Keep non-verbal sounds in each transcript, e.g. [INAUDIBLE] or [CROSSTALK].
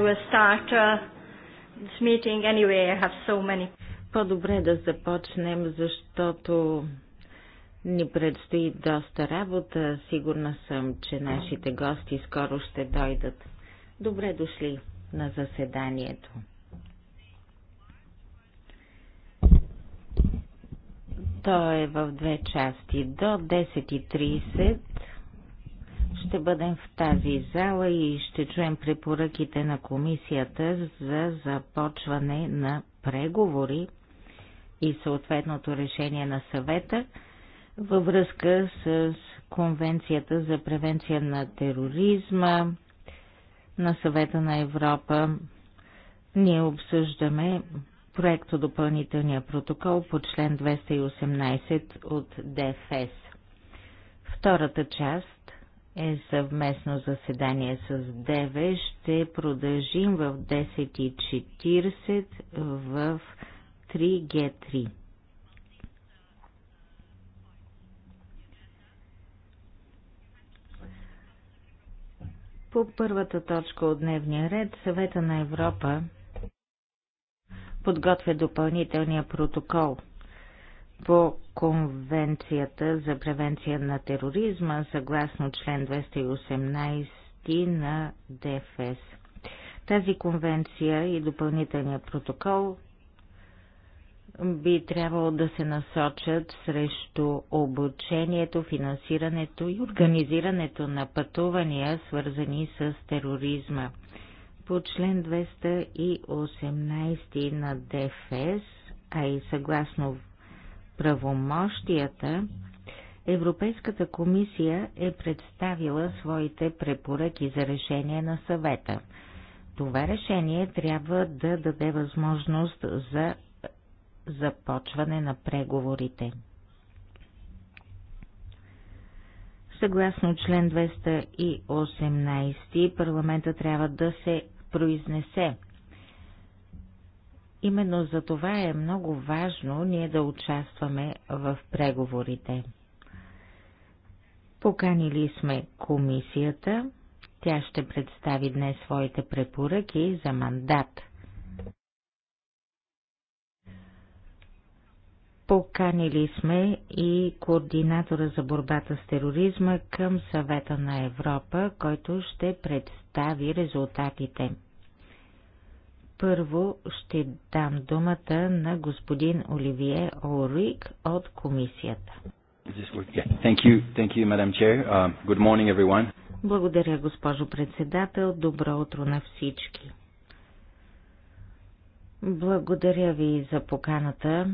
will start uh, this meeting anyway. I have so many. По-добре е да започнем, защото ни предстои доста работа. Сигурна съм, че нашите гости скоро ще дойдат. Добре дошли на заседанието. То е в две части. До 10.30 ще бъдем в тази зала и ще чуем препоръките на комисията за започване на преговори и съответното решение на съвета във връзка с Конвенцията за превенция на тероризма на съвета на Европа. Ние обсъждаме проекто допълнителния протокол по член 218 от ДФС. Втората част е съвместно заседание с ДВ. Ще продължим в 10.40 в 3G3. По първата точка от дневния ред, Съвета на Европа подготвя допълнителния протокол – по Конвенцията за превенция на тероризма, съгласно член 218 на ДФС. Тази конвенция и допълнителният протокол би трябвало да се насочат срещу обучението, финансирането и организирането на пътувания, свързани с тероризма. По член 218 на ДФС, а и съгласно правомощията, Европейската комисия е представила своите препоръки за решение на съвета. Това решение трябва да даде възможност за започване на преговорите. Съгласно член 218, парламента трябва да се произнесе Именно за това е много важно ние да участваме в преговорите. Поканили сме комисията, тя ще представи днес своите препоръки за мандат. Поканили сме и координатора за борбата с тероризма към съвета на Европа, който ще представи резултатите. Първо ще дам думата на господин Оливие Олрик от комисията. Thank you. Thank you, uh, morning, Благодаря, госпожо председател. Добро утро на всички. Благодаря ви за поканата.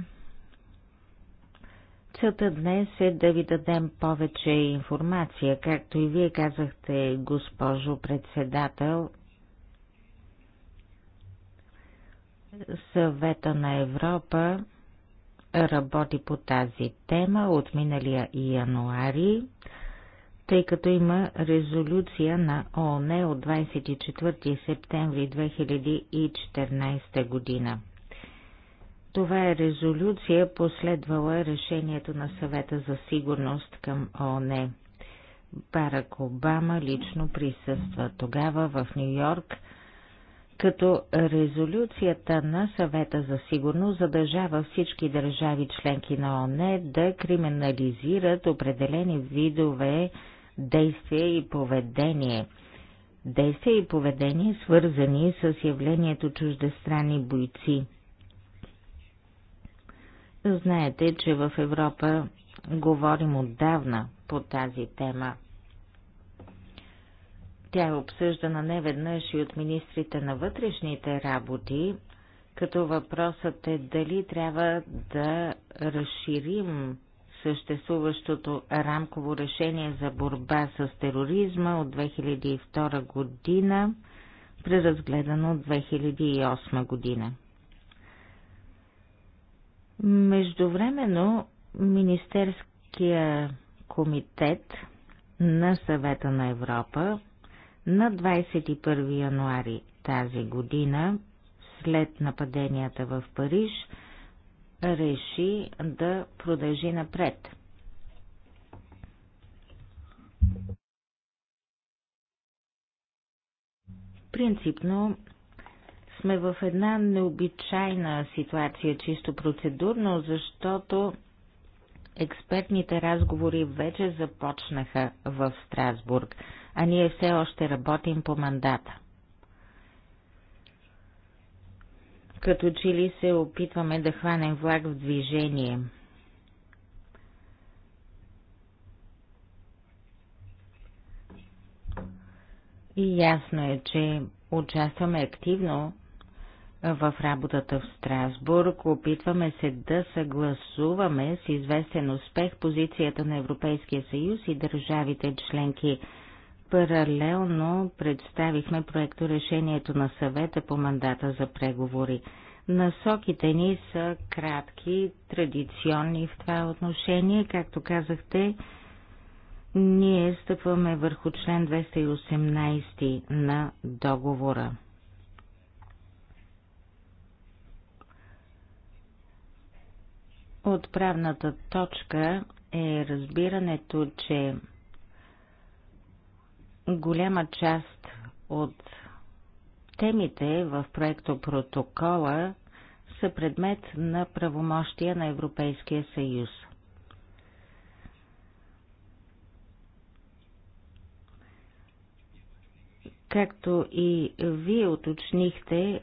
Целта днес е да ви дадем повече информация, както и вие казахте, госпожо председател, Съвета на Европа работи по тази тема от миналия януари, тъй като има резолюция на ООН от 24 септември 2014 година. Това е резолюция, последвала е решението на съвета за сигурност към ООН. Барак Обама лично присъства тогава в Нью Йорк – като резолюцията на съвета за сигурност задържава всички държави членки на ОНЕ да криминализират определени видове действия и поведение. Действия и поведение свързани с явлението чуждестранни бойци. Знаете, че в Европа говорим отдавна по тази тема. Тя е обсъждана неведнъж и от министрите на вътрешните работи, като въпросът е дали трябва да разширим съществуващото рамково решение за борба с тероризма от 2002 година, преразгледано от 2008 година. Междувременно Министерския комитет на Съвета на Европа на 21 януари тази година, след нападенията в Париж, реши да продължи напред. Принципно сме в една необичайна ситуация, чисто процедурно, защото експертните разговори вече започнаха в Страсбург а ние все още работим по мандата. Като че ли се опитваме да хванем влак в движение. И ясно е, че участваме активно в работата в Страсбург, опитваме се да съгласуваме с известен успех позицията на Европейския съюз и държавите членки – Паралелно представихме проекто решението на съвета по мандата за преговори. Насоките ни са кратки, традиционни в това отношение. Както казахте, ние стъпваме върху член 218 на договора. Отправната точка е разбирането, че Голяма част от темите в проекто протокола са предмет на правомощия на Европейския съюз. Както и вие уточнихте,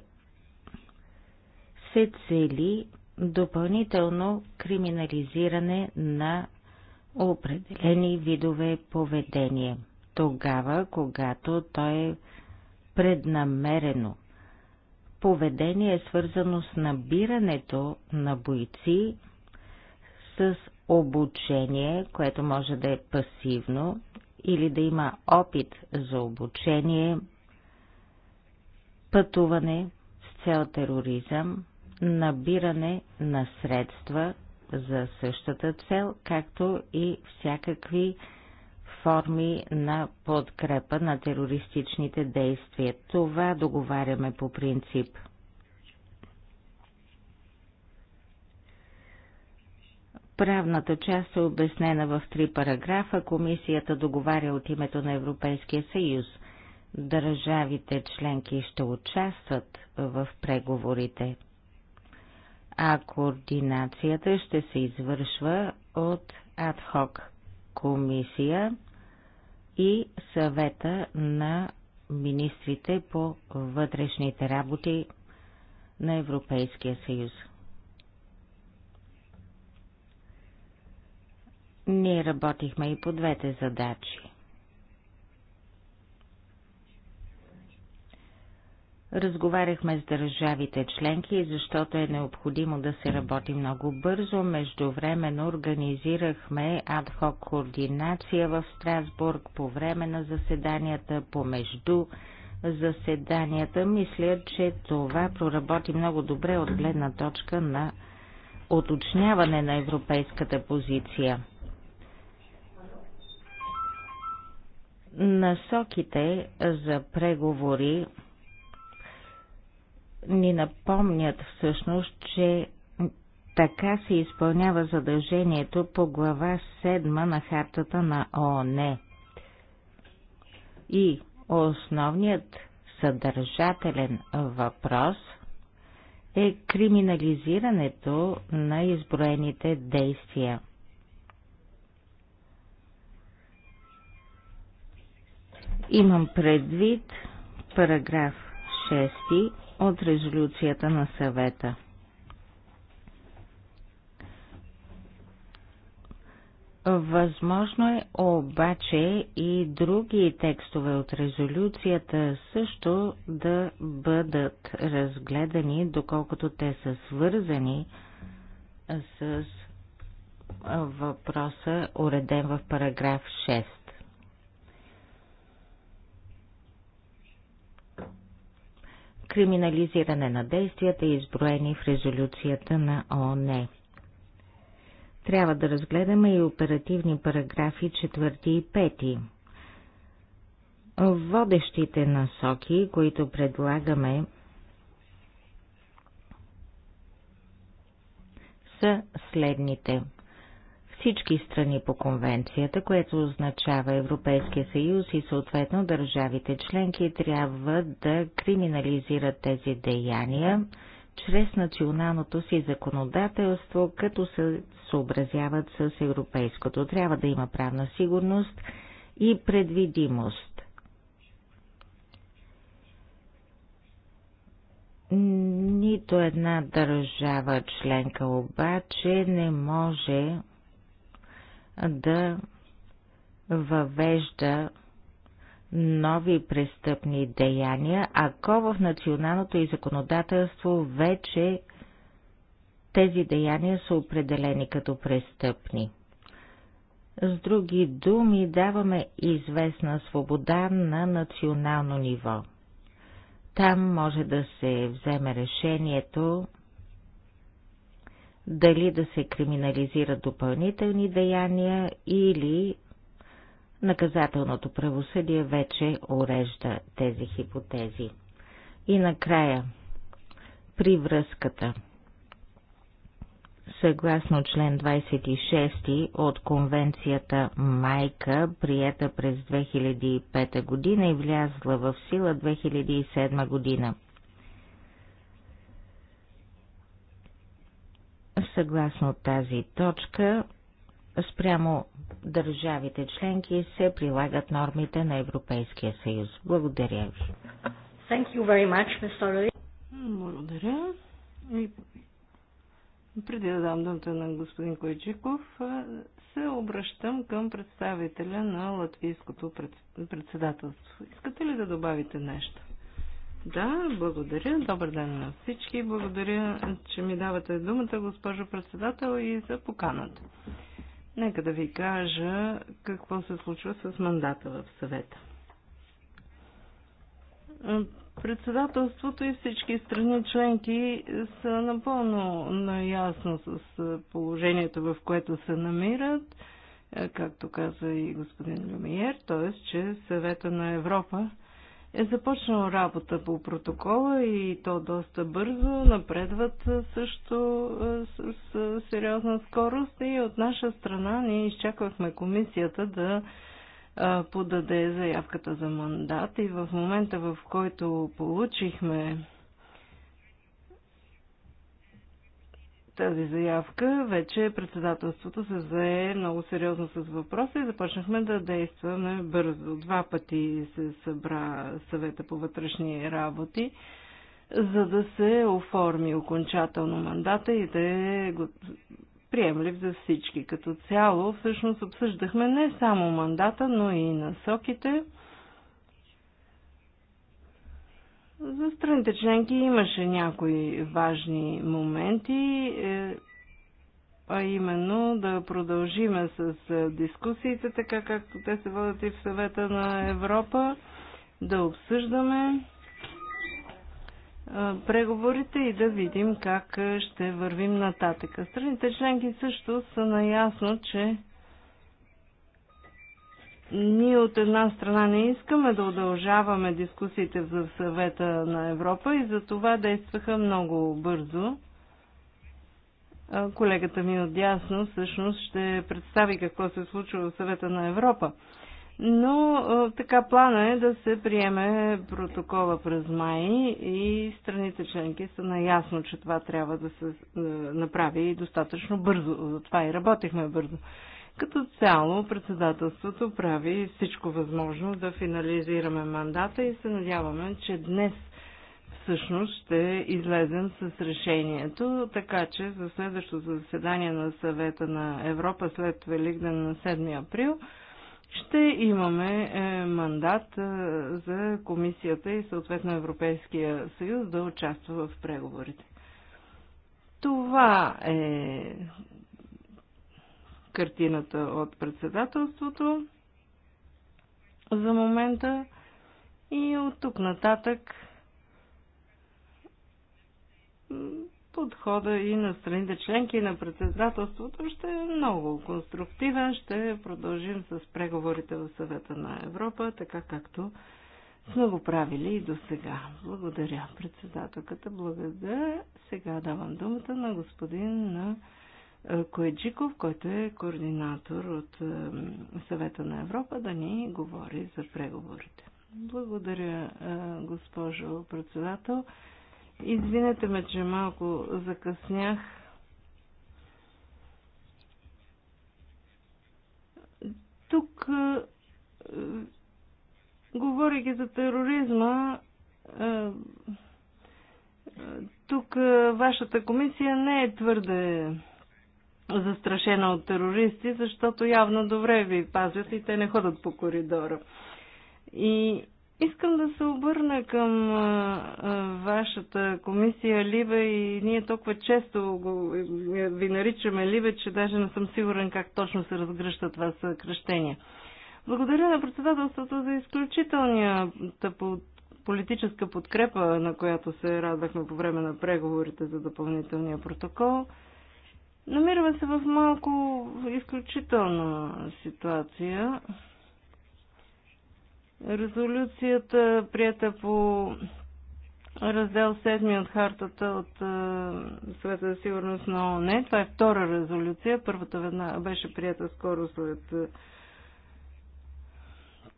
се цели допълнително криминализиране на определени видове поведение – тогава, когато той е преднамерено. Поведение е свързано с набирането на бойци с обучение, което може да е пасивно или да има опит за обучение, пътуване с цел тероризъм, набиране на средства за същата цел, както и всякакви форми на подкрепа на терористичните действия. Това договаряме по принцип. Правната част е обяснена в три параграфа. Комисията договаря от името на Европейския съюз. Държавите членки ще участват в преговорите, а координацията ще се извършва от адхок комисия и съвета на министрите по вътрешните работи на Европейския съюз. Ние работихме и по двете задачи. Разговаряхме с държавите членки, защото е необходимо да се работи много бързо. Междувременно организирахме адхок координация в Страсбург по време на заседанията, помежду заседанията. Мисля, че това проработи много добре от гледна точка на уточняване на европейската позиция. Насоките за преговори ни напомнят всъщност, че така се изпълнява задължението по глава 7 на хартата на ООН. И основният съдържателен въпрос е криминализирането на изброените действия. Имам предвид параграф 6 от резолюцията на съвета. Възможно е обаче и други текстове от резолюцията също да бъдат разгледани, доколкото те са свързани с въпроса, уреден в параграф 6. криминализиране на действията, изброени в резолюцията на ООН. Трябва да разгледаме и оперативни параграфи 4 и 5. Водещите насоки, които предлагаме, са следните – всички страни по конвенцията, което означава Европейския съюз и съответно държавите членки трябва да криминализират тези деяния чрез националното си законодателство, като се съобразяват с европейското. Трябва да има правна сигурност и предвидимост. Нито една държава членка обаче не може да въвежда нови престъпни деяния, ако в националното и законодателство вече тези деяния са определени като престъпни. С други думи, даваме известна свобода на национално ниво. Там може да се вземе решението дали да се криминализират допълнителни деяния или наказателното правосъдие вече урежда тези хипотези. И накрая, при връзката. Съгласно член 26 от конвенцията Майка, прията през 2005 година и влязла в сила 2007 година – Съгласно тази точка, спрямо държавите членки се прилагат нормите на Европейския съюз. Благодаря ви. Thank you very much, Mr. Благодаря. И преди да дам думата на господин Койчиков, се обръщам към представителя на латвийското председателство. Искате ли да добавите нещо? Да, благодаря. Добър ден на всички. Благодаря, че ми давате думата, госпожо председател, и за поканата. Нека да ви кажа какво се случва с мандата в съвета. Председателството и всички страни членки са напълно наясно с положението, в което се намират, както каза и господин Люмиер, т.е. че съвета на Европа е започнал работа по протокола и то доста бързо. Напредват също е, с, с сериозна скорост и от наша страна ние изчаквахме комисията да е, подаде заявката за мандат и в момента в който получихме тази заявка, вече председателството се зае много сериозно с въпроса и започнахме да действаме бързо. Два пъти се събра съвета по вътрешни работи, за да се оформи окончателно мандата и да е приемлив за всички. Като цяло, всъщност обсъждахме не само мандата, но и насоките, За страните членки имаше някои важни моменти, е, а именно да продължиме с е, дискусиите, така както те се водят и в съвета на Европа, да обсъждаме е, преговорите и да видим как ще вървим нататък. Страните членки също са наясно, че ние от една страна не искаме да удължаваме дискусиите за съвета на Европа и за това действаха много бързо. Колегата ми отдясно всъщност ще представи какво се случва в съвета на Европа. Но така плана е да се приеме протокола през май и страните членки са наясно, че това трябва да се направи достатъчно бързо. Затова и работихме бързо. Като цяло председателството прави всичко възможно да финализираме мандата и се надяваме, че днес всъщност ще излезем с решението, така че за следващото заседание на съвета на Европа след Великден на 7 април ще имаме е, мандат е, за комисията и съответно Европейския съюз да участва в преговорите. Това е картината от председателството за момента и от тук нататък подхода и на страните членки на председателството ще е много конструктивен. Ще продължим с преговорите в съвета на Европа, така както сме го правили и до сега. Благодаря, председателката. Благодаря. Сега давам думата на господин на е, Коеджиков, който е координатор от е, Съвета на Европа, да ни говори за преговорите. Благодаря, е, госпожо председател. Извинете ме, че малко закъснях. Тук, говоряки за тероризма, тук вашата комисия не е твърде застрашена от терористи, защото явно добре ви пазят и те не ходят по коридора. И искам да се обърна към вашата комисия Либе и ние толкова често го, ви наричаме Либе, че даже не съм сигурен как точно се разгръща това съкръщение. Благодаря на председателството за изключителния политическа подкрепа, на която се радвахме по време на преговорите за допълнителния протокол – Намираме се в малко изключителна ситуация. Резолюцията, прията по раздел 7 от хартата от е, Съвета за сигурност на ООН, това е втора резолюция, първата веднага беше прията скоро след е,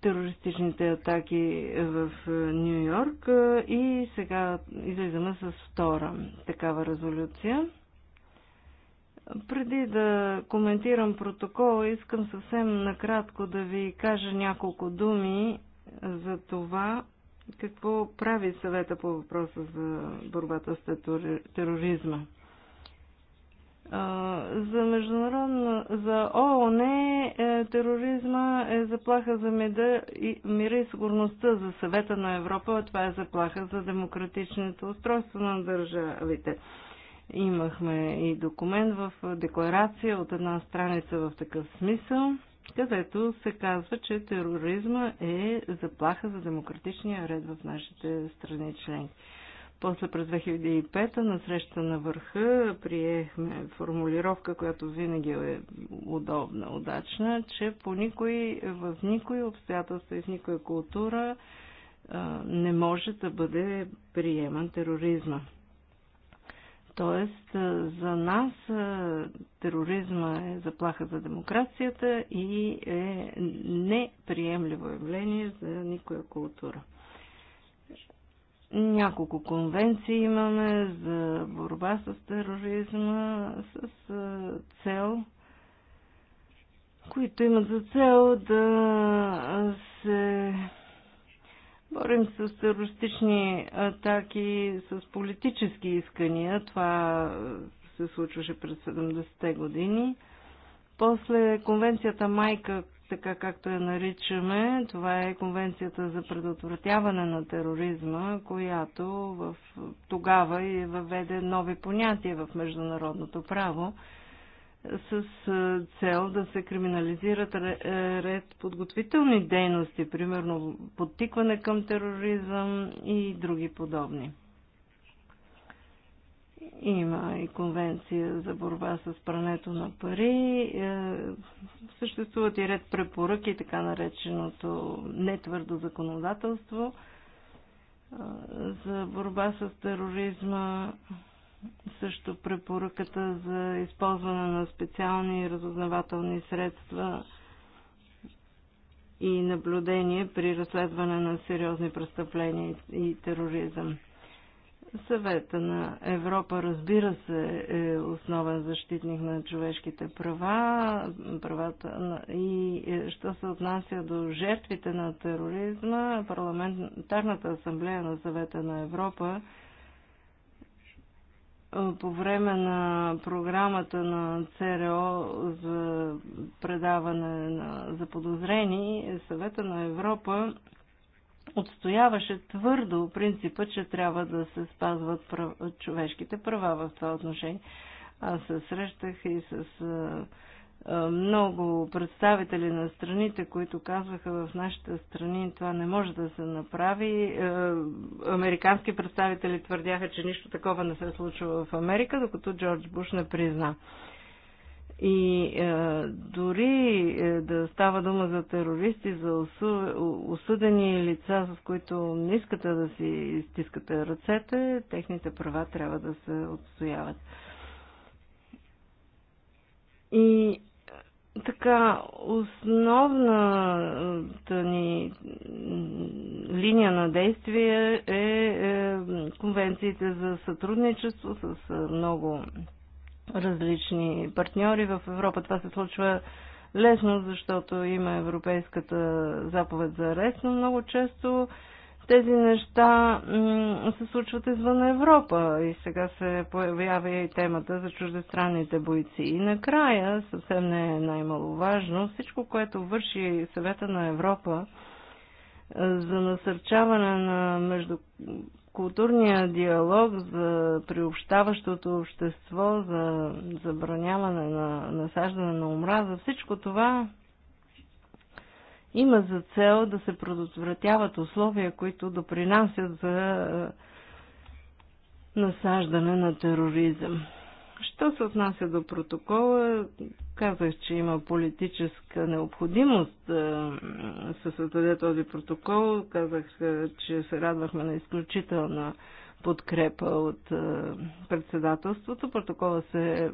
терористичните атаки в е, Нью Йорк и сега излизаме с втора такава резолюция. Преди да коментирам протокола, искам съвсем накратко да ви кажа няколко думи за това, какво прави съвета по въпроса за борбата с тероризма. За международна, за ООН е, тероризма е заплаха за меда, мира и сигурността за съвета на Европа, това е заплаха за демократичното устройство на държавите. Имахме и документ в декларация от една страница в такъв смисъл, където се казва, че тероризма е заплаха за демократичния ред в нашите страни членки. После през 2005 на среща на върха приехме формулировка, която винаги е удобна, удачна, че по никой, в никой обстоятелство и в никоя култура не може да бъде приеман тероризма. Тоест, за нас тероризма е заплаха за демокрацията и е неприемливо явление за никоя култура. Няколко конвенции имаме за борба с тероризма с цел, които имат за цел да се борим се с терористични атаки, с политически искания. Това се случваше през 70-те години. После конвенцията Майка, така както я наричаме, това е конвенцията за предотвратяване на тероризма, която в, тогава и е въведе нови понятия в международното право с цел да се криминализират е, ред подготвителни дейности, примерно подтикване към тероризъм и други подобни. Има и конвенция за борба с прането на пари. Е, съществуват и ред препоръки, така нареченото нетвърдо законодателство е, за борба с тероризма също препоръката за използване на специални разузнавателни средства и наблюдение при разследване на сериозни престъпления и тероризъм. Съвета на Европа, разбира се, е основен защитник на човешките права, правата на... и е, що се отнася до жертвите на тероризма, парламентарната асамблея на Съвета на Европа по време на програмата на ЦРО за предаване на заподозрени, съвета на Европа отстояваше твърдо принципа, че трябва да се спазват прав... човешките права в това отношение. Аз се срещах и с много представители на страните, които казваха в нашите страни това не може да се направи. Американски представители твърдяха, че нищо такова не се случва в Америка, докато Джордж Буш не призна. И е, дори е, да става дума за терористи, за осу, осъдени лица, с които не искате да си стискате ръцете, техните права трябва да се отстояват. И така, основната ни линия на действие е, е конвенциите за сътрудничество с е, много различни партньори в Европа. Това се случва лесно, защото има Европейската заповед за арест, но много често тези неща се случват извън Европа и сега се появява и темата за чуждестранните бойци. И накрая, съвсем не е най-маловажно, всичко, което върши съвета на Европа е, за насърчаване на междукултурния диалог, за приобщаващото общество, за забраняване на насаждане на омраза, всичко това има за цел да се предотвратяват условия, които допринасят за е, насаждане на тероризъм. Що се отнася до протокола, казах, че има политическа необходимост е, да се създаде този протокол. Казах, е, че се радвахме на изключителна подкрепа от председателството. Протокола се,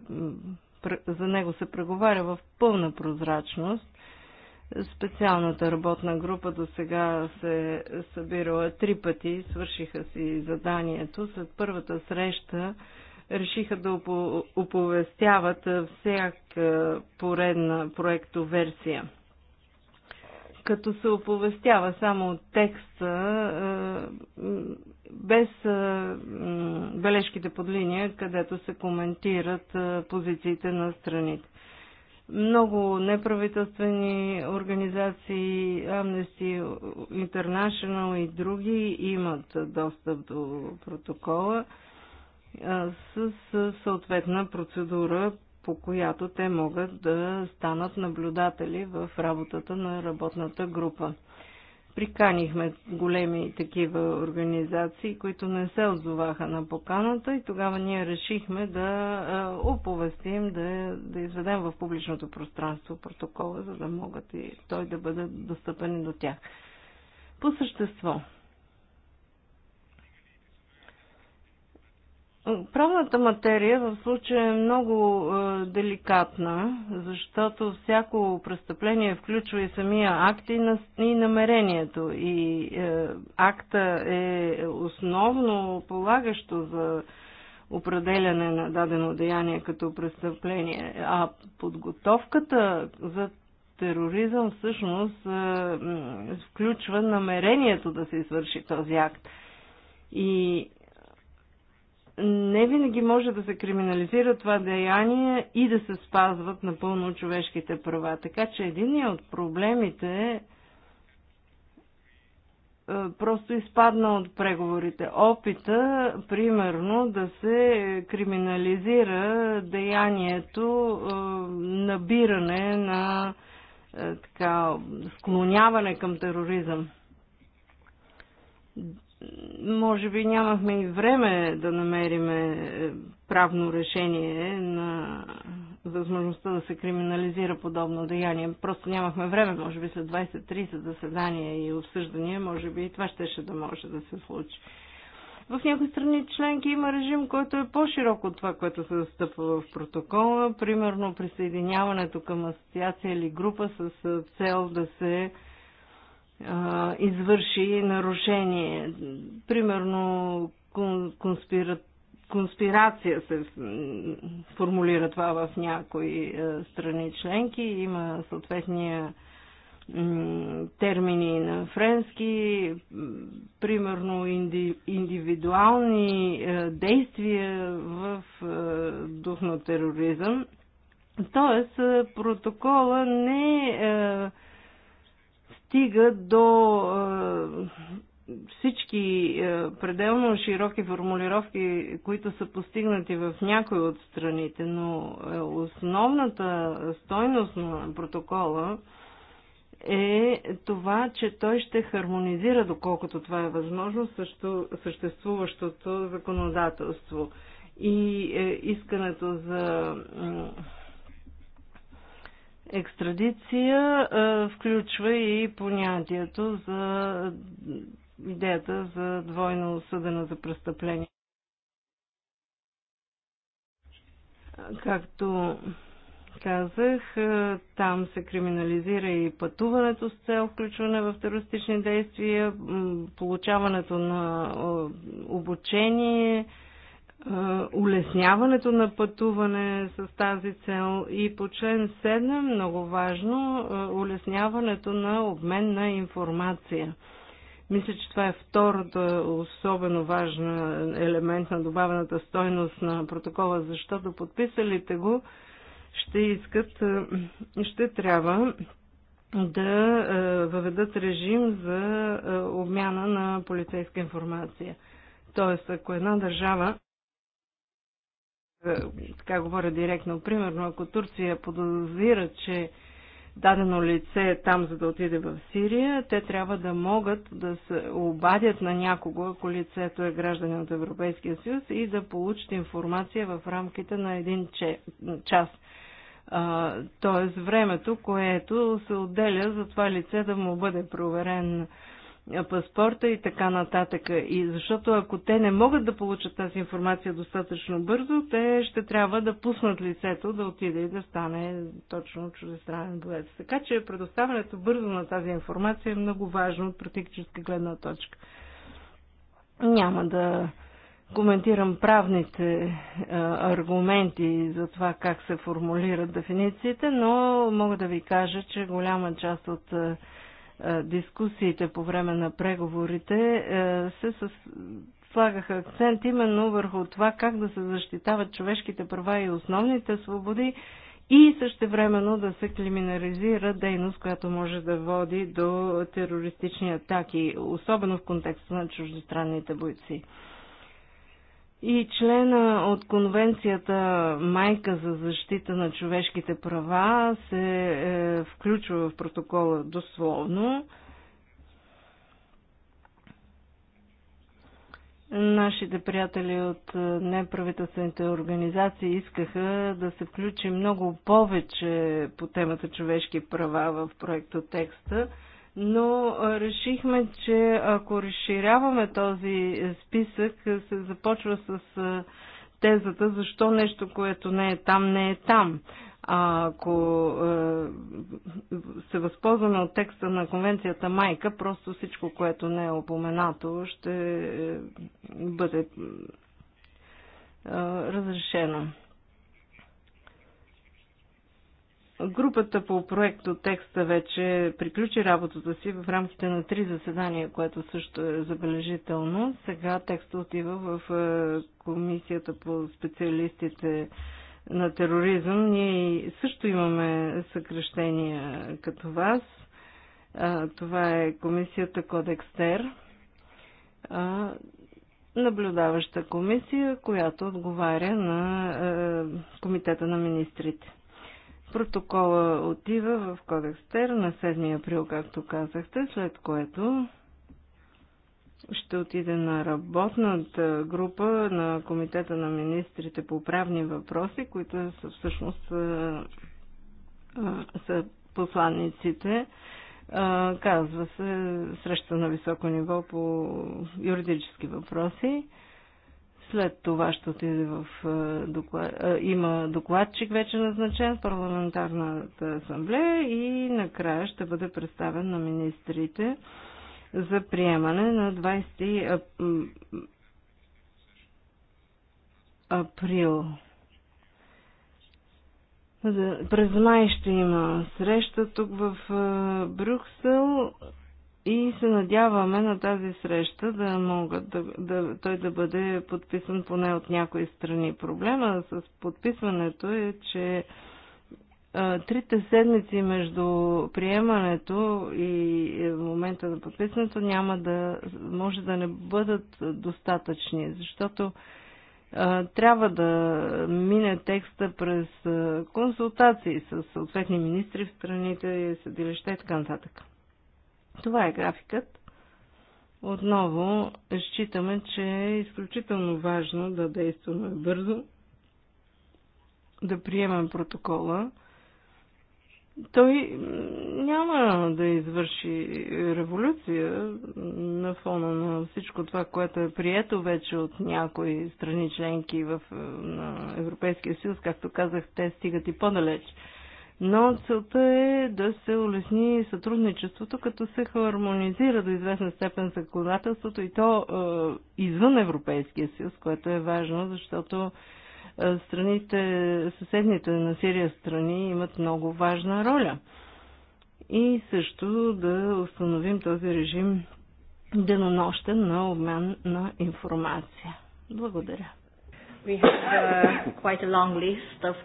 за него се преговаря в пълна прозрачност Специалната работна група до сега се събирала три пъти, свършиха си заданието. След първата среща решиха да оповестяват всяка поредна проектоверсия. Като се оповестява само текста, е, без е, бележките под линия, където се коментират е, позициите на страните. Много неправителствени организации, Amnesty International и други имат достъп до протокола с съответна процедура, по която те могат да станат наблюдатели в работата на работната група. Приканихме големи такива организации, които не се отзоваха на поканата и тогава ние решихме да оповестим, да, да изведем в публичното пространство протокола, за да могат и той да бъде достъпен до тях. По същество, Правната материя в случая е много е, деликатна, защото всяко престъпление включва и самия акт и, на, и намерението. И е, акта е основно полагащо за определяне на дадено деяние като престъпление, а подготовката за тероризъм всъщност е, включва намерението да се извърши този акт. И не винаги може да се криминализира това деяние и да се спазват напълно човешките права. Така че един от проблемите е просто изпадна от преговорите. Опита, примерно, да се криминализира деянието е, набиране на е, така, склоняване към тероризъм може би нямахме и време да намериме е, правно решение на възможността да се криминализира подобно деяние. Просто нямахме време, може би след 20-30 заседания и обсъждания, може би и това щеше да може да се случи. В някои страни членки има режим, който е по-широк от това, което се застъпва в протокола. Примерно присъединяването към асоциация или група с е, цел да се извърши нарушение. Примерно конспира... конспирация се формулира това в някои страни членки. Има съответния термини на френски, примерно инди, индивидуални действия в дух на тероризъм. Тоест, протокола не е стига до е, всички е, пределно широки формулировки, които са постигнати в някои от страните, но е, основната стойност на протокола е това, че той ще хармонизира, доколкото това е възможно, също, съществуващото законодателство. И искането за Екстрадиция включва и понятието за идеята за двойно осъдено за престъпление. Както казах, там се криминализира и пътуването с цел включване в терористични действия, получаването на обучение, улесняването на пътуване с тази цел и по член 7, много важно, улесняването на обмен на информация. Мисля, че това е втората особено важна елемент на добавената стойност на протокола, защото подписалите го ще искат, ще трябва да въведат режим за обмяна на полицейска информация. Тоест, ако една държава е, така говоря директно, примерно ако Турция подозира, че дадено лице е там, за да отиде в Сирия, те трябва да могат да се обадят на някого, ако лицето е гражданин от Европейския съюз и да получат информация в рамките на един час. Тоест времето, което се отделя за това лице да му бъде проверен паспорта и така нататък. И защото ако те не могат да получат тази информация достатъчно бързо, те ще трябва да пуснат лицето да отиде и да стане точно чуждестранен боец. Така че предоставянето бързо на тази информация е много важно от практическа гледна точка. Няма да коментирам правните а, аргументи за това как се формулират дефинициите, но мога да ви кажа, че голяма част от а, е, дискусиите по време на преговорите е, се слагаха акцент именно върху това как да се защитават човешките права и основните свободи и същевременно да се криминализира дейност, която може да води до терористични атаки, особено в контекста на чуждестранните бойци и члена от конвенцията Майка за защита на човешките права се е, включва в протокола дословно. Нашите приятели от е, неправителствените организации искаха да се включи много повече по темата човешки права в проекта текста но решихме, че ако разширяваме този списък, се започва с тезата защо нещо, което не е там, не е там. А ако се възползваме от текста на конвенцията Майка, просто всичко, което не е опоменато, ще е, бъде разрешено. Групата по проект от текста вече приключи работата си в рамките на три заседания, което също е забележително. Сега текста отива в е, комисията по специалистите на тероризъм. Ние също имаме съкрещения като вас. Това е комисията Кодекстер, наблюдаваща комисия, която отговаря на е, комитета на министрите. Протокола отива в Кодекс Тер на 7 април, както казахте, след което ще отиде на работната група на Комитета на министрите по правни въпроси, които са всъщност са посланниците. Казва се среща на високо ниво по юридически въпроси. След това ще отиде в доклад... Има докладчик вече назначен в парламентарната асамблея и накрая ще бъде представен на министрите за приемане на 20 април. През май ще има среща тук в Брюксел и се надяваме на тази среща да могат да, да, той да бъде подписан поне от някои страни. Проблема с подписването е, че а, трите седмици между приемането и е, момента на подписването няма да може да не бъдат достатъчни, защото а, трябва да мине текста през консултации с съответни министри в страните, съдилища и така нататък. Това е графикът. Отново считаме, че е изключително важно да действаме бързо, да приемем протокола. Той няма да извърши революция на фона на всичко това, което е прието вече от някои страни членки в, на Европейския съюз. Както казах, те стигат и по-далеч но целта е да се улесни сътрудничеството, като се хармонизира до известна степен законодателството и то е, извън Европейския съюз, което е важно, защото е, страните, съседните на Сирия страни имат много важна роля. И също да установим този режим денонощен на обмен на информация. Благодаря. We have uh, quite a long list of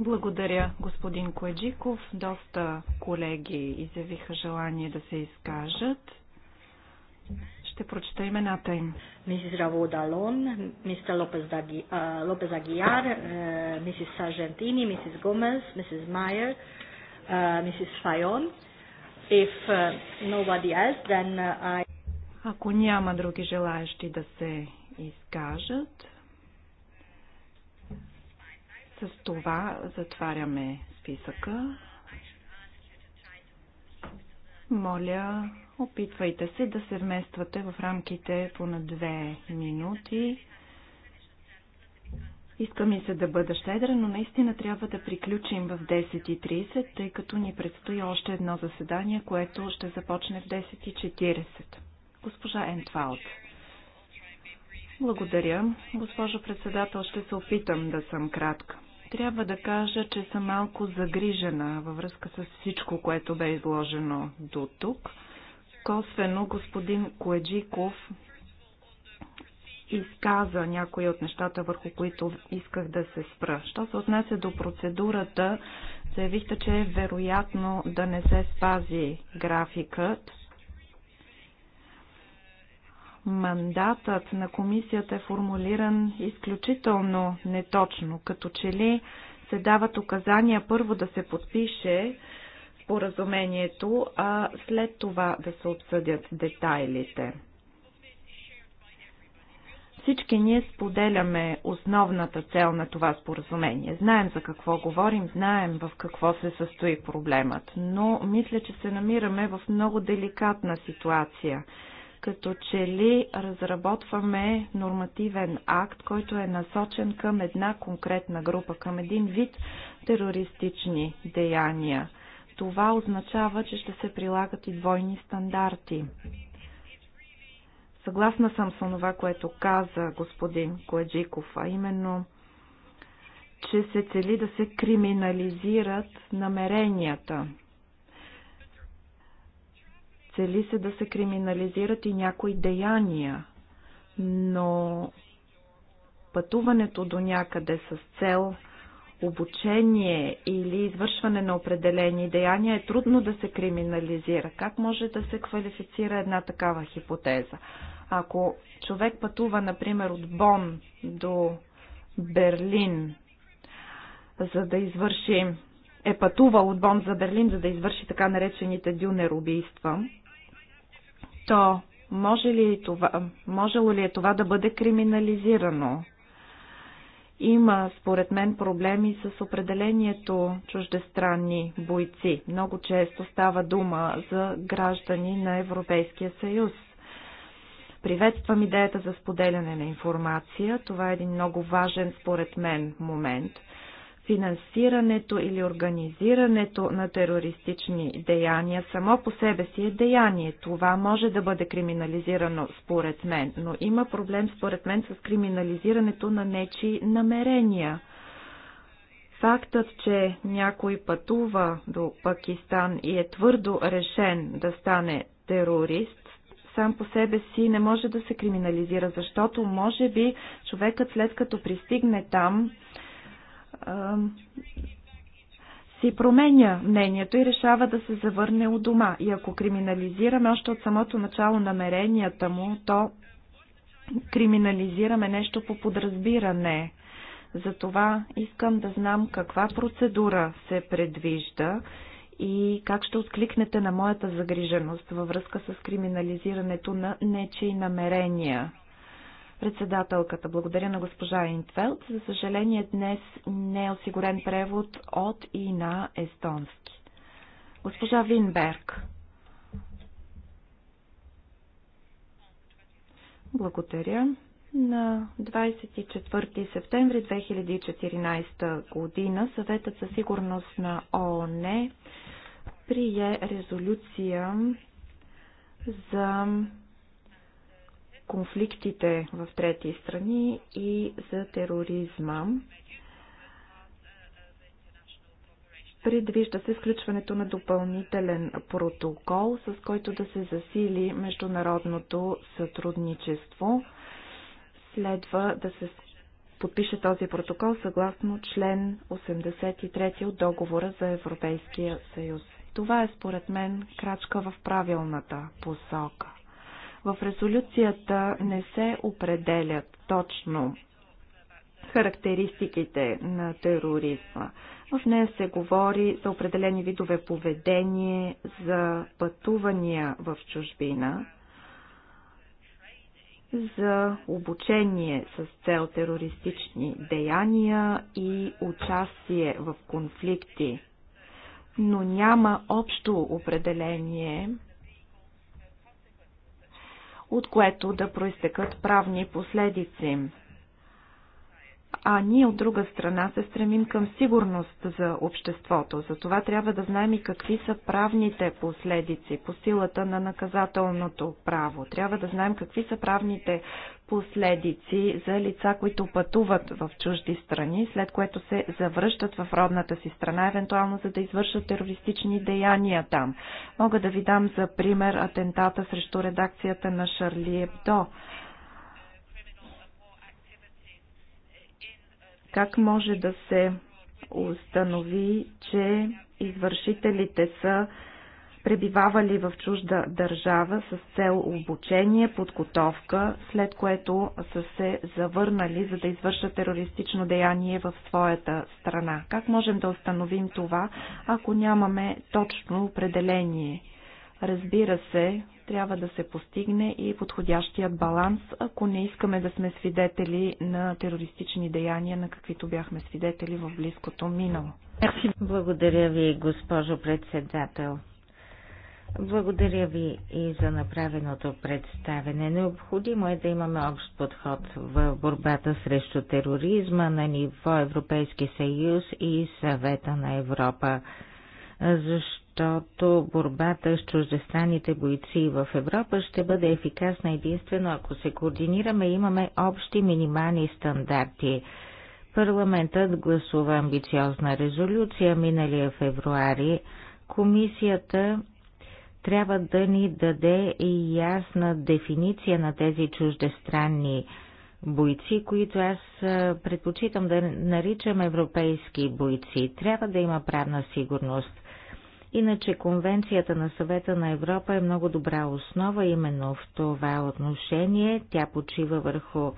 благодаря, господин Коеджиков. Доста колеги изявиха желание да се изкажат. Ще прочета имената им. Мисис Раво Далон, мистер Лопес Агияр, е, мисис Саржентини, мисис Гомес, мисис Майер, е, мисис Файон. Е, Ако няма други желаящи да се изкажат, с това затваряме списъка. Моля, опитвайте се да се вмествате в рамките по на две минути. Иска ми се да бъда щедра, но наистина трябва да приключим в 10.30, тъй като ни предстои още едно заседание, което ще започне в 10.40. Госпожа Ентфалт, Благодаря. Госпожо председател, ще се опитам да съм кратка. Трябва да кажа, че съм малко загрижена във връзка с всичко, което бе изложено до тук. Косвено господин Коеджиков изказа някои от нещата, върху които исках да се спра. Що се отнесе до процедурата, заявихте, че е вероятно да не се спази графикът мандатът на комисията е формулиран изключително неточно, като че ли се дават указания първо да се подпише споразумението, а след това да се обсъдят детайлите. Всички ние споделяме основната цел на това споразумение. Знаем за какво говорим, знаем в какво се състои проблемът, но мисля, че се намираме в много деликатна ситуация – като че ли разработваме нормативен акт, който е насочен към една конкретна група, към един вид терористични деяния. Това означава, че ще се прилагат и двойни стандарти. Съгласна съм с това, което каза господин Коеджиков, а именно, че се цели да се криминализират намеренията Цели се да се криминализират и някои деяния, но пътуването до някъде с цел обучение или извършване на определени деяния е трудно да се криминализира. Как може да се квалифицира една такава хипотеза? Ако човек пътува, например, от Бон до Берлин, за да извърши е пътувал от Бон за Берлин, за да извърши така наречените дюнер убийства, то може ли това, можело ли е това да бъде криминализирано? Има, според мен, проблеми с определението чуждестранни бойци. Много често става дума за граждани на Европейския съюз. Приветствам идеята за споделяне на информация. Това е един много важен, според мен, момент – финансирането или организирането на терористични деяния само по себе си е деяние. Това може да бъде криминализирано според мен, но има проблем според мен с криминализирането на нечи намерения. Фактът, че някой пътува до Пакистан и е твърдо решен да стане терорист, сам по себе си не може да се криминализира, защото може би човекът след като пристигне там, си променя мнението и решава да се завърне у дома. И ако криминализираме още от самото начало намеренията му, то криминализираме нещо по подразбиране. Затова искам да знам каква процедура се предвижда и как ще откликнете на моята загриженост във връзка с криминализирането на нечи намерения. Председателката, благодаря на госпожа Интфелд. За съжаление, днес не е осигурен превод от и на естонски. Госпожа Винберг. Благодаря. На 24 септември 2014 година съветът за сигурност на ООН прие резолюция за конфликтите в трети страни и за тероризма. Предвижда се включването на допълнителен протокол, с който да се засили международното сътрудничество. Следва да се подпише този протокол съгласно член 83 от договора за Европейския съюз. Това е според мен крачка в правилната посока. В резолюцията не се определят точно характеристиките на тероризма. В нея се говори за определени видове поведение, за пътувания в чужбина, за обучение с цел терористични деяния и участие в конфликти, но няма общо определение от което да проистекат правни последици. А ние от друга страна се стремим към сигурност за обществото. Затова трябва да знаем и какви са правните последици по силата на наказателното право. Трябва да знаем какви са правните последици за лица, които пътуват в чужди страни, след което се завръщат в родната си страна, евентуално за да извършат терористични деяния там. Мога да ви дам за пример атентата срещу редакцията на Шарли Ебдо. Как може да се установи, че извършителите са пребивавали в чужда държава с цел обучение, подготовка, след което са се завърнали, за да извършат терористично деяние в своята страна. Как можем да установим това, ако нямаме точно определение? Разбира се, трябва да се постигне и подходящият баланс, ако не искаме да сме свидетели на терористични деяния, на каквито бяхме свидетели в близкото минало. Благодаря ви, госпожо председател. Благодаря ви и за направеното представене. Необходимо е да имаме общ подход в борбата срещу тероризма на ниво Европейски съюз и съвета на Европа, защото борбата с чуждестранните бойци в Европа ще бъде ефикасна единствено ако се координираме и имаме общи минимални стандарти. Парламентът гласува амбициозна резолюция миналия февруари. Комисията трябва да ни даде и ясна дефиниция на тези чуждестранни бойци, които аз предпочитам да наричам европейски бойци. Трябва да има правна сигурност. Иначе Конвенцията на съвета на Европа е много добра основа именно в това отношение. Тя почива върху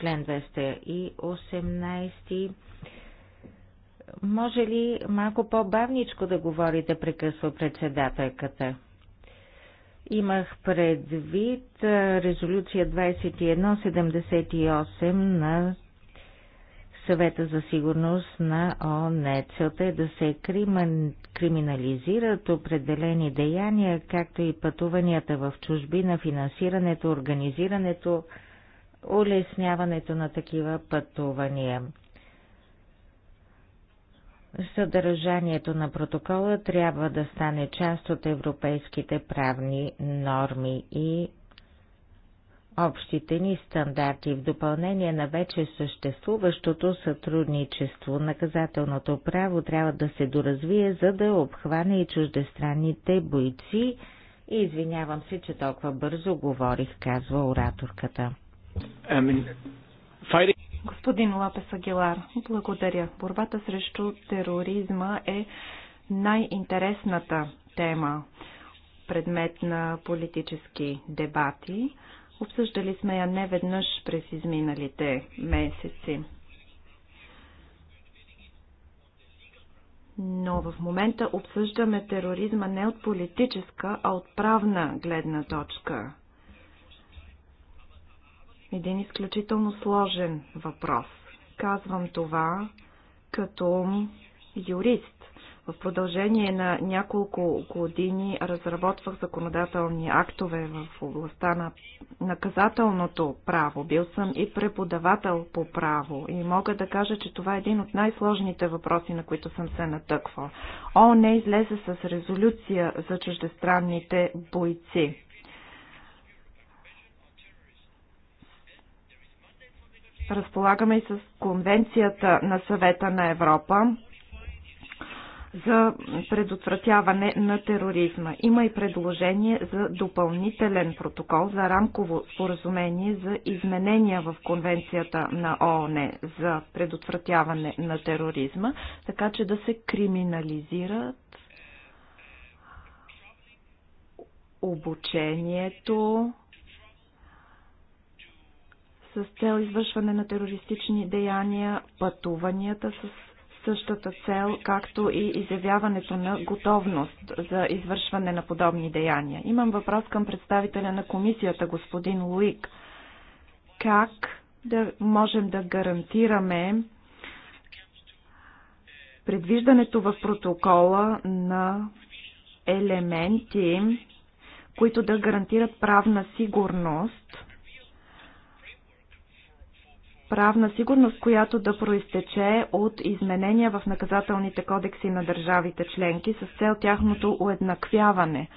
член 218. Може ли малко по-бавничко да говорите, прекъсва председателката? Имах предвид резолюция 2178 на съвета за сигурност на ООН. Целта е да се криминализират определени деяния, както и пътуванията в чужбина, финансирането, организирането, улесняването на такива пътувания. Съдържанието на протокола трябва да стане част от европейските правни норми и общите ни стандарти в допълнение на вече съществуващото сътрудничество. Наказателното право трябва да се доразвие, за да обхване и чуждестранните бойци. И извинявам се, че толкова бързо говорих, казва ораторката. Ами, I mean, Господин Лапес Агилар, благодаря. Борбата срещу тероризма е най-интересната тема, предмет на политически дебати. Обсъждали сме я не веднъж през изминалите месеци. Но в момента обсъждаме тероризма не от политическа, а от правна гледна точка един изключително сложен въпрос. Казвам това като юрист. В продължение на няколко години разработвах законодателни актове в областта на наказателното право. Бил съм и преподавател по право и мога да кажа, че това е един от най-сложните въпроси, на които съм се натъквал. не излезе с резолюция за чуждестранните бойци. разполагаме и с Конвенцията на съвета на Европа за предотвратяване на тероризма. Има и предложение за допълнителен протокол за рамково споразумение за изменения в Конвенцията на ООН за предотвратяване на тероризма, така че да се криминализират обучението, с цел извършване на терористични деяния, пътуванията с същата цел, както и изявяването на готовност за извършване на подобни деяния. Имам въпрос към представителя на комисията, господин Луик. Как да можем да гарантираме предвиждането в протокола на елементи, които да гарантират правна сигурност правна сигурност, която да проистече от изменения в наказателните кодекси на държавите членки с цел тяхното уеднаквяване.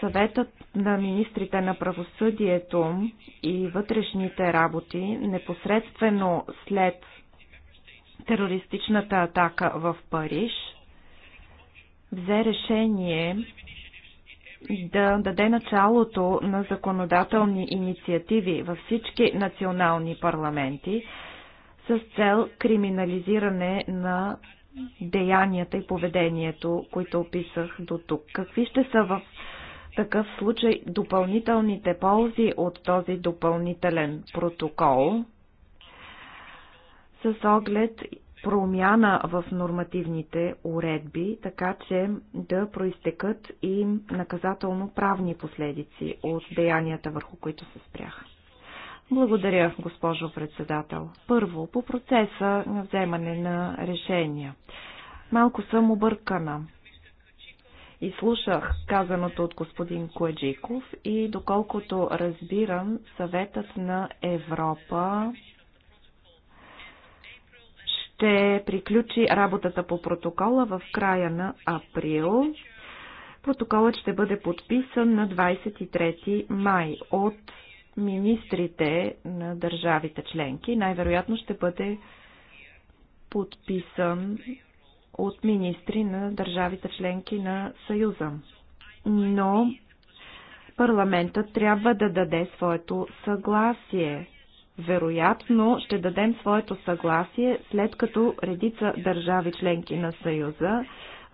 Съветът на министрите на правосъдието и вътрешните работи непосредствено след терористичната атака в Париж взе решение да даде началото на законодателни инициативи във всички национални парламенти с цел криминализиране на деянията и поведението, които описах до тук. Какви ще са в такъв случай допълнителните ползи от този допълнителен протокол с оглед промяна в нормативните уредби, така че да проистекат и наказателно-правни последици от деянията, върху които се спряха. Благодаря, госпожо председател. Първо, по процеса на вземане на решения. Малко съм объркана. И слушах казаното от господин Коеджиков и доколкото разбирам, съветът на Европа ще приключи работата по протокола в края на април. Протоколът ще бъде подписан на 23 май от министрите на държавите членки. Най-вероятно ще бъде подписан от министри на държавите членки на Съюза. Но парламентът трябва да даде своето съгласие вероятно ще дадем своето съгласие, след като редица държави членки на Съюза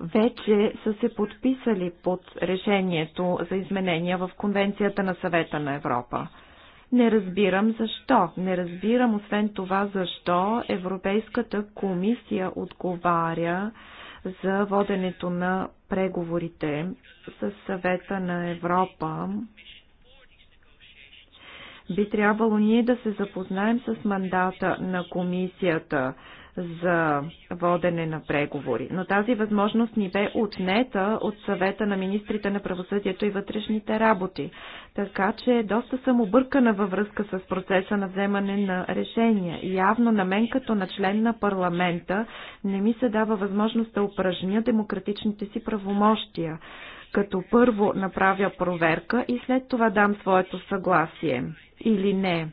вече са се подписали под решението за изменения в Конвенцията на съвета на Европа. Не разбирам защо. Не разбирам освен това защо Европейската комисия отговаря за воденето на преговорите с съвета на Европа би трябвало ние да се запознаем с мандата на комисията за водене на преговори. Но тази възможност ни бе отнета от съвета на министрите на правосъдието и вътрешните работи. Така че доста съм объркана във връзка с процеса на вземане на решения. Явно на мен като на член на парламента не ми се дава възможност да упражня демократичните си правомощия като първо направя проверка и след това дам своето съгласие или не.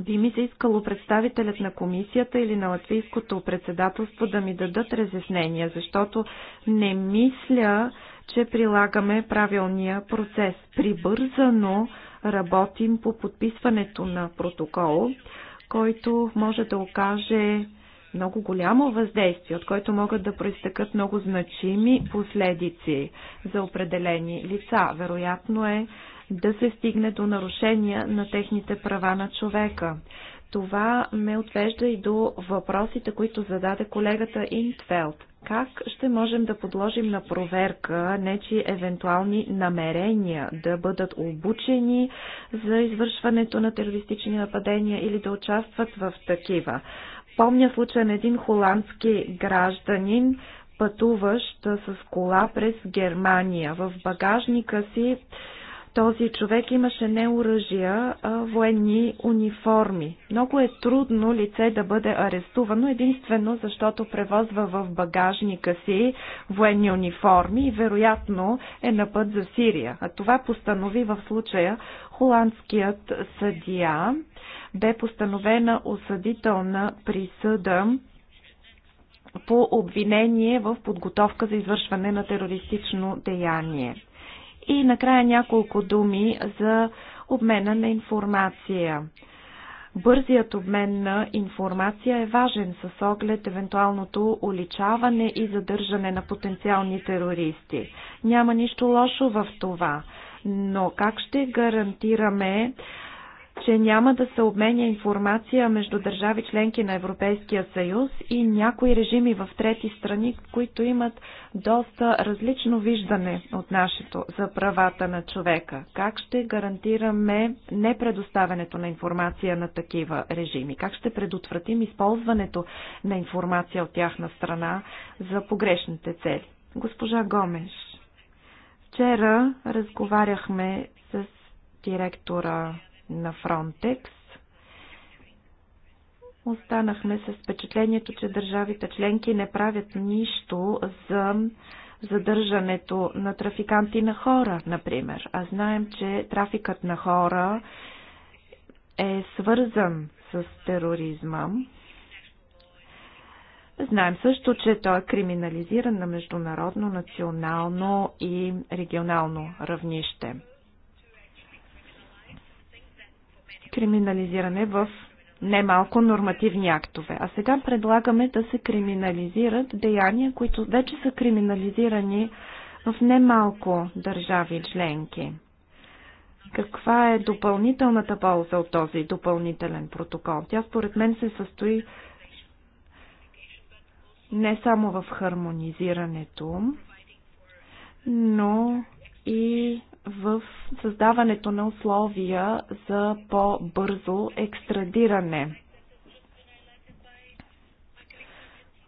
Би ми се искало представителят на комисията или на латвийското председателство да ми дадат разяснения, защото не мисля, че прилагаме правилния процес. Прибързано работим по подписването на протокол, който може да окаже много голямо въздействие, от който могат да проистъкат много значими последици за определени лица. Вероятно е да се стигне до нарушения на техните права на човека. Това ме отвежда и до въпросите, които зададе колегата Интфелд. Как ще можем да подложим на проверка нечи евентуални намерения да бъдат обучени за извършването на терористични нападения или да участват в такива? Помня случай на един холандски гражданин, пътуващ с кола през Германия. В багажника си този човек имаше не оръжия, а военни униформи. Много е трудно лице да бъде арестувано единствено защото превозва в багажника си военни униформи и вероятно е на път за Сирия. А това постанови в случая холандският съдия. Бе постановена осъдителна присъда по обвинение в подготовка за извършване на терористично деяние. И накрая няколко думи за обмена на информация. Бързият обмен на информация е важен с оглед евентуалното уличаване и задържане на потенциални терористи. Няма нищо лошо в това, но как ще гарантираме че няма да се обменя информация между държави членки на Европейския съюз и някои режими в трети страни, които имат доста различно виждане от нашето за правата на човека. Как ще гарантираме непредоставянето на информация на такива режими? Как ще предотвратим използването на информация от тяхна страна за погрешните цели? Госпожа Гомеш, вчера разговаряхме с директора на Фронтекс, останахме с впечатлението, че държавите членки не правят нищо за задържането на трафиканти на хора, например. А знаем, че трафикът на хора е свързан с тероризма. Знаем също, че той е криминализиран на международно, национално и регионално равнище. криминализиране в немалко нормативни актове. А сега предлагаме да се криминализират деяния, които вече са криминализирани в немалко държави членки. Каква е допълнителната полза от този допълнителен протокол? Тя според мен се състои не само в хармонизирането, но и в създаването на условия за по-бързо екстрадиране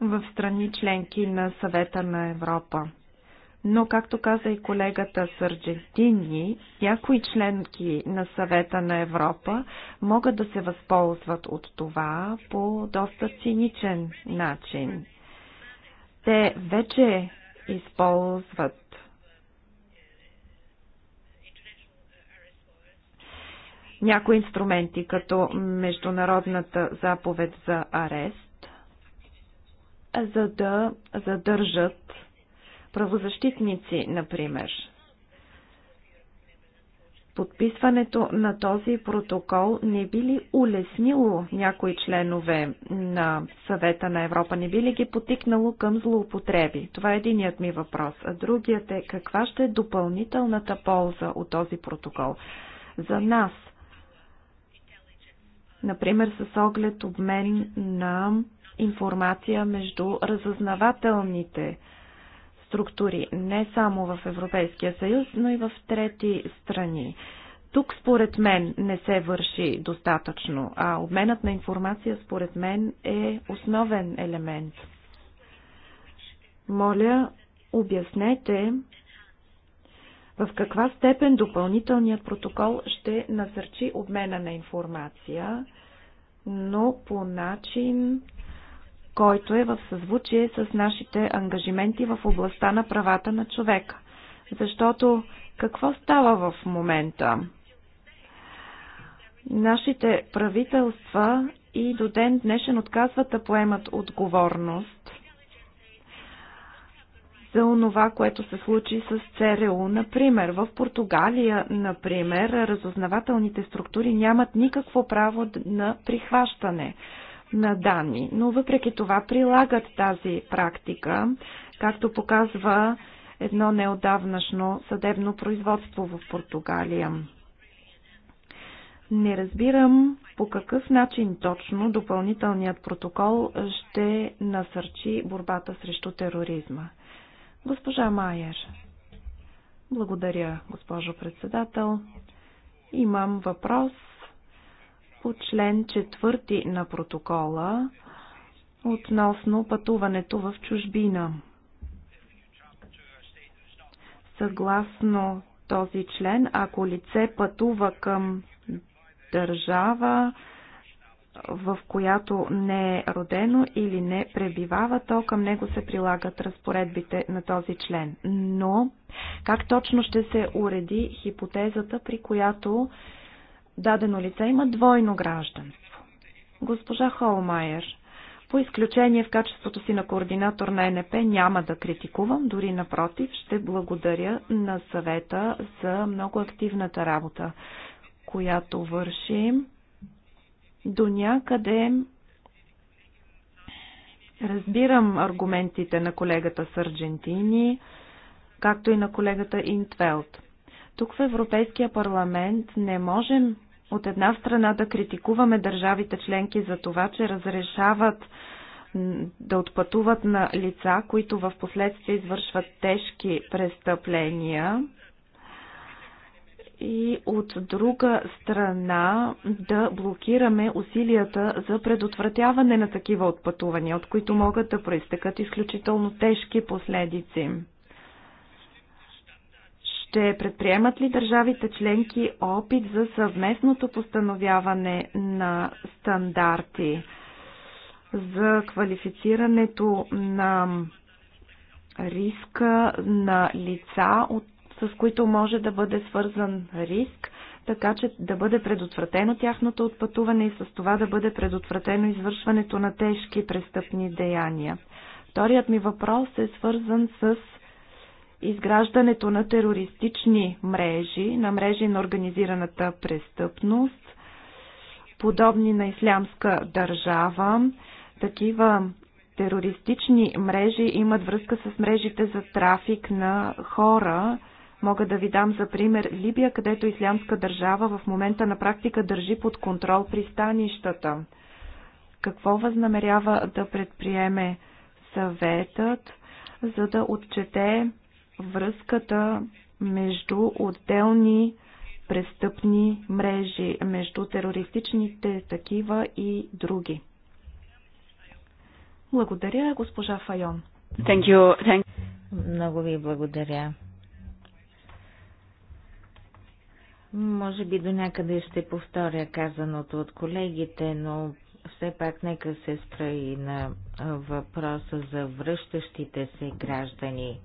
в страни членки на съвета на Европа. Но, както каза и колегата Сърджентини, някои членки на съвета на Европа могат да се възползват от това по доста циничен начин. Те вече използват някои инструменти, като Международната заповед за арест, за да задържат правозащитници, например. Подписването на този протокол не би ли улеснило някои членове на съвета на Европа? Не би ли ги потикнало към злоупотреби? Това е единият ми въпрос. А другият е каква ще е допълнителната полза от този протокол за нас, например с оглед обмен на информация между разъзнавателните структури, не само в Европейския съюз, но и в трети страни. Тук според мен не се върши достатъчно, а обменът на информация според мен е основен елемент. Моля, обяснете в каква степен допълнителният протокол ще насърчи обмена на информация, но по начин, който е в съзвучие с нашите ангажименти в областта на правата на човека. Защото какво става в момента? Нашите правителства и до ден днешен отказват да поемат отговорност за онова, което се случи с ЦРУ. Например, в Португалия, например, разузнавателните структури нямат никакво право на прихващане на данни, но въпреки това прилагат тази практика, както показва едно неодавнашно съдебно производство в Португалия. Не разбирам по какъв начин точно допълнителният протокол ще насърчи борбата срещу тероризма. Госпожа Майер. Благодаря, госпожо председател. Имам въпрос по член четвърти на протокола относно пътуването в чужбина. Съгласно този член, ако лице пътува към държава, в която не е родено или не пребивава, то към него се прилагат разпоредбите на този член. Но как точно ще се уреди хипотезата, при която дадено лице има двойно гражданство? Госпожа Холмайер, по изключение в качеството си на координатор на НП няма да критикувам, дори напротив, ще благодаря на съвета за много активната работа, която вършим до някъде разбирам аргументите на колегата Сърджентини, както и на колегата Интвелт. Тук в Европейския парламент не можем от една страна да критикуваме държавите членки за това, че разрешават да отпътуват на лица, които в последствие извършват тежки престъпления, и от друга страна да блокираме усилията за предотвратяване на такива отпътувания, от които могат да проистекат изключително тежки последици. Ще предприемат ли държавите членки опит за съвместното постановяване на стандарти за квалифицирането на риска на лица от с които може да бъде свързан риск, така че да бъде предотвратено тяхното отпътуване и с това да бъде предотвратено извършването на тежки престъпни деяния. Вторият ми въпрос е свързан с изграждането на терористични мрежи, на мрежи на организираната престъпност, подобни на ислямска държава. Такива терористични мрежи имат връзка с мрежите за трафик на хора. Мога да ви дам за пример Либия, където Ислямска държава в момента на практика държи под контрол пристанищата. Какво възнамерява да предприеме съветът, за да отчете връзката между отделни престъпни мрежи, между терористичните такива и други. Благодаря, госпожа Файон. Thank you. Thank... Много ви благодаря. Може би до някъде ще повторя казаното от колегите, но все пак нека се спра и на въпроса за връщащите се граждани.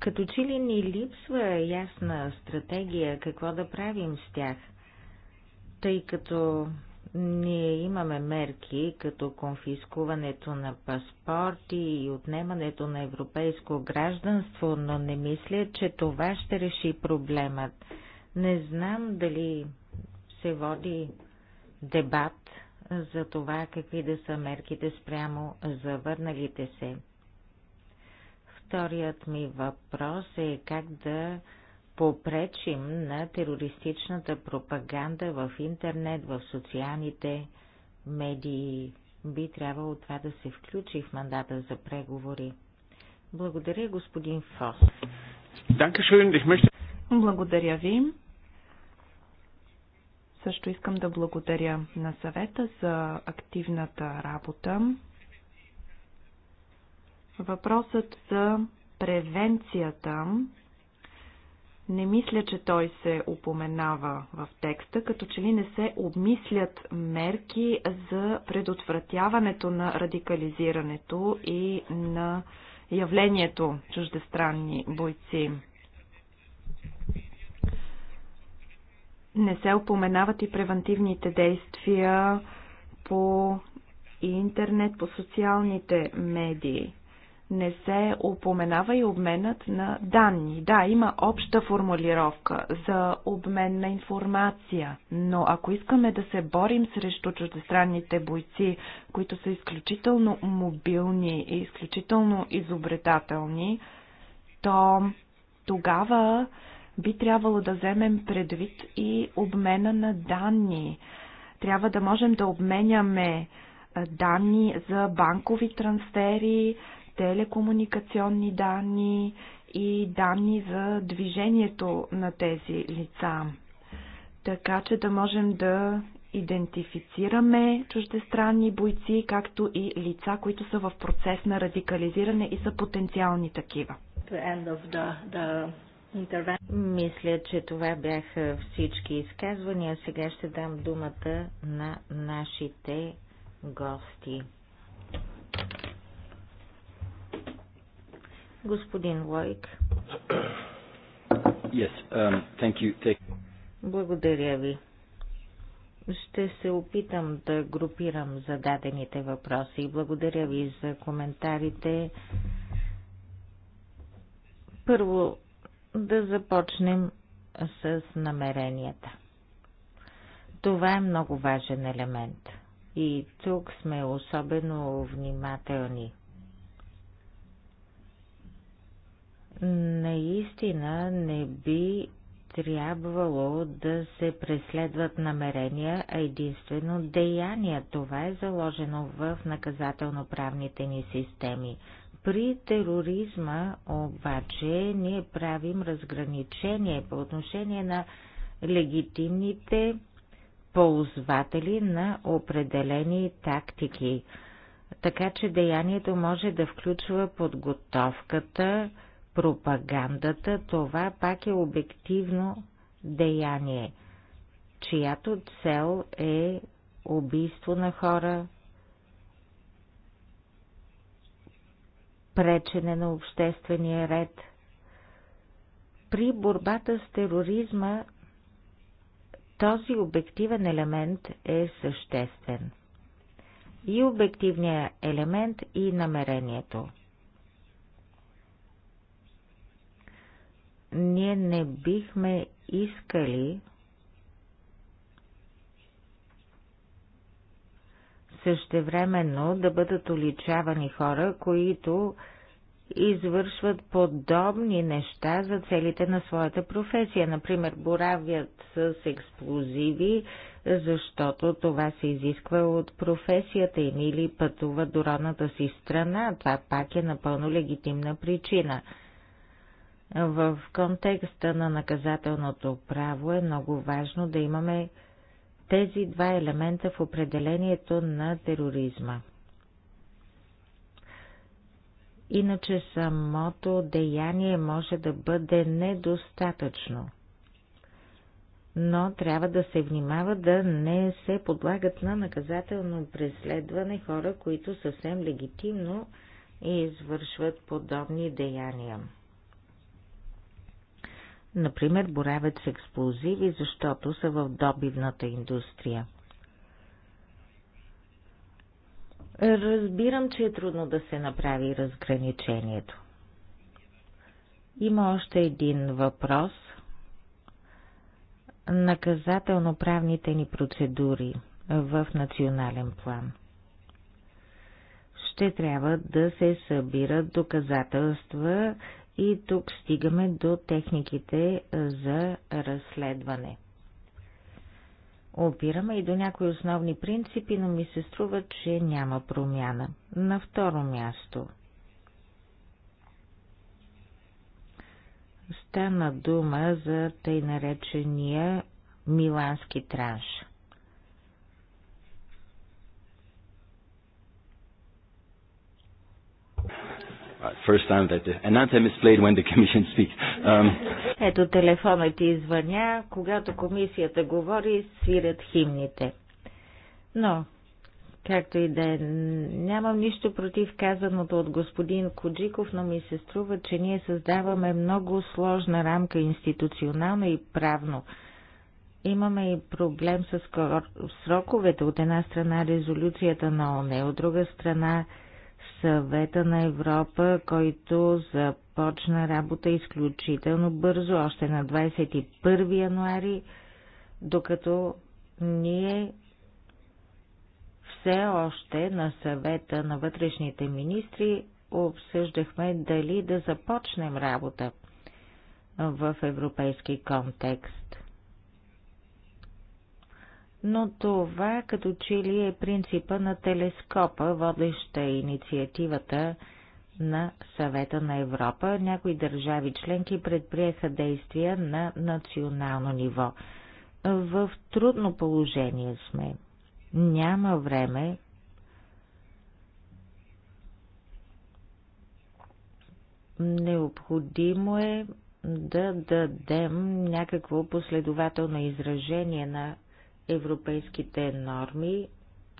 Като че ли ни липсва ясна стратегия какво да правим с тях, тъй като ние имаме мерки, като конфискуването на паспорти и отнемането на европейско гражданство, но не мисля, че това ще реши проблемът. Не знам дали се води дебат за това какви да са мерките спрямо завърналите се. Вторият ми въпрос е как да попречим на терористичната пропаганда в интернет, в социалните медии. Би трябвало това да се включи в мандата за преговори. Благодаря, господин Фос. Благодаря ви. Също искам да благодаря на съвета за активната работа. Въпросът за превенцията не мисля, че той се упоменава в текста, като че ли не се обмислят мерки за предотвратяването на радикализирането и на явлението чуждестранни бойци. Не се упоменават и превентивните действия по интернет, по социалните медии не се упоменава и обменът на данни. Да, има обща формулировка за обмен на информация, но ако искаме да се борим срещу чуждестранните бойци, които са изключително мобилни и изключително изобретателни, то тогава би трябвало да вземем предвид и обмена на данни. Трябва да можем да обменяме данни за банкови трансфери, телекомуникационни данни и данни за движението на тези лица, така че да можем да идентифицираме чуждестранни бойци, както и лица, които са в процес на радикализиране и са потенциални такива. Мисля, че това бяха всички изказвания. Сега ще дам думата на нашите гости. Господин Лойк. Yes, um, thank you. Take... Благодаря ви. Ще се опитам да групирам зададените въпроси. Благодаря ви за коментарите. Първо да започнем с намеренията. Това е много важен елемент и тук сме особено внимателни – наистина не би трябвало да се преследват намерения, а единствено деяния. Това е заложено в наказателно-правните ни системи. При тероризма обаче ние правим разграничение по отношение на легитимните ползватели на определени тактики. Така че деянието може да включва подготовката, пропагандата, това пак е обективно деяние, чиято цел е убийство на хора, пречене на обществения ред. При борбата с тероризма този обективен елемент е съществен. И обективният елемент, и намерението – Ние не бихме искали същевременно да бъдат уличавани хора, които извършват подобни неща за целите на своята професия. Например, боравят с експлозиви, защото това се изисква от професията им или пътува до родната си страна. Това пак е напълно легитимна причина – в контекста на наказателното право е много важно да имаме тези два елемента в определението на тероризма. Иначе самото деяние може да бъде недостатъчно. Но трябва да се внимава да не се подлагат на наказателно преследване хора, които съвсем легитимно извършват подобни деяния например боравят с експлозиви, защото са в добивната индустрия. Разбирам, че е трудно да се направи разграничението. Има още един въпрос. Наказателно-правните ни процедури в национален план. Ще трябва да се събират доказателства и тук стигаме до техниките за разследване. Опираме и до някои основни принципи, но ми се струва, че няма промяна. На второ място. Стана дума за тъй наречения Милански транш – Uh, first time that the anthem is played when the [LAUGHS] commission speaks. Um... Ето телефонът ти извъня, когато комисията говори, свирят химните. Но, както и да е, нямам нищо против казаното от господин Коджиков, но ми се струва, че ние създаваме много сложна рамка институционално и правно. Имаме и проблем с сроковете. От една страна резолюцията на ОНЕ, от друга страна съвета на Европа, който започна работа изключително бързо, още на 21 януари, докато ние все още на съвета на вътрешните министри обсъждахме дали да започнем работа в европейски контекст но това като че ли е принципа на телескопа, водеща е инициативата на Съвета на Европа. Някои държави членки предприеха действия на национално ниво. В трудно положение сме. Няма време Необходимо е да дадем някакво последователно изражение на европейските норми,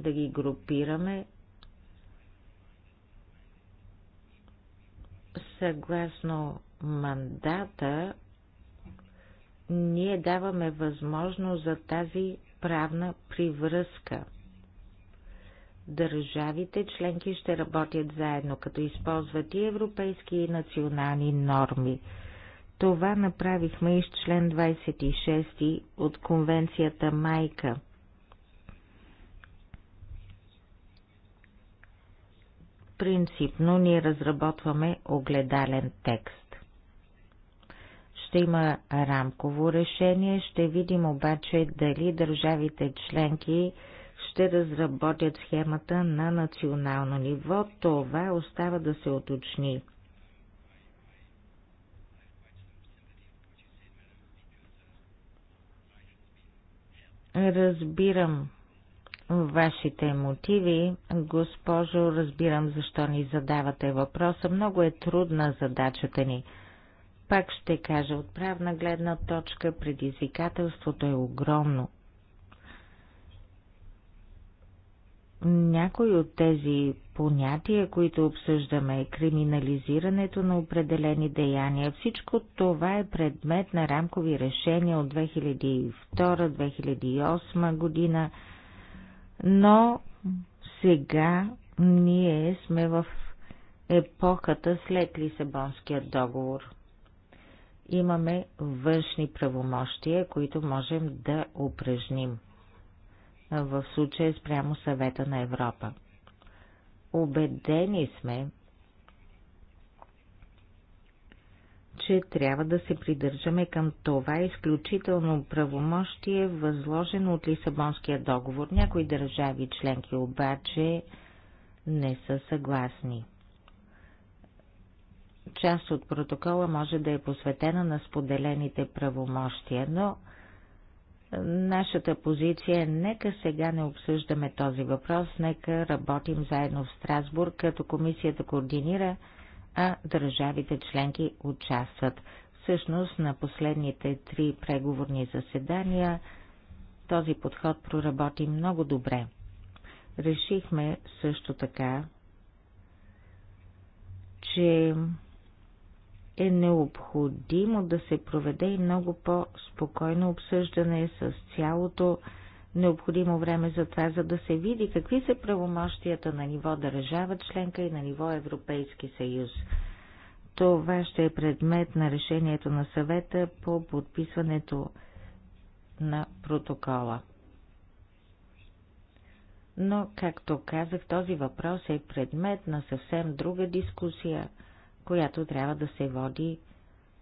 да ги групираме съгласно мандата, ние даваме възможност за тази правна привръзка. Държавите членки ще работят заедно, като използват и европейски и национални норми – това направихме и с член 26 от конвенцията Майка. Принципно ние разработваме огледален текст. Ще има рамково решение, ще видим обаче дали държавите членки ще разработят схемата на национално ниво. Това остава да се уточни. Разбирам вашите мотиви, госпожо, разбирам защо ни задавате въпроса. Много е трудна задачата ни. Пак ще кажа, от правна гледна точка предизвикателството е огромно. Някои от тези понятия, които обсъждаме, криминализирането на определени деяния, всичко това е предмет на рамкови решения от 2002-2008 година, но сега ние сме в епохата след Лисабонския договор. Имаме външни правомощия, които можем да упражним в случая спрямо съвета на Европа. Обедени сме, че трябва да се придържаме към това изключително правомощие, възложено от Лисабонския договор. Някои държави членки обаче не са съгласни. Част от протокола може да е посветена на споделените правомощия, но Нашата позиция е нека сега не обсъждаме този въпрос, нека работим заедно в Страсбург, като комисията координира, а държавите членки участват. Всъщност на последните три преговорни заседания този подход проработи много добре. Решихме също така, че е необходимо да се проведе и много по-спокойно обсъждане с цялото необходимо време за това, за да се види какви са правомощията на ниво държава членка и на ниво Европейски съюз. Това ще е предмет на решението на съвета по подписването на протокола. Но, както казах, този въпрос е предмет на съвсем друга дискусия – която трябва да се води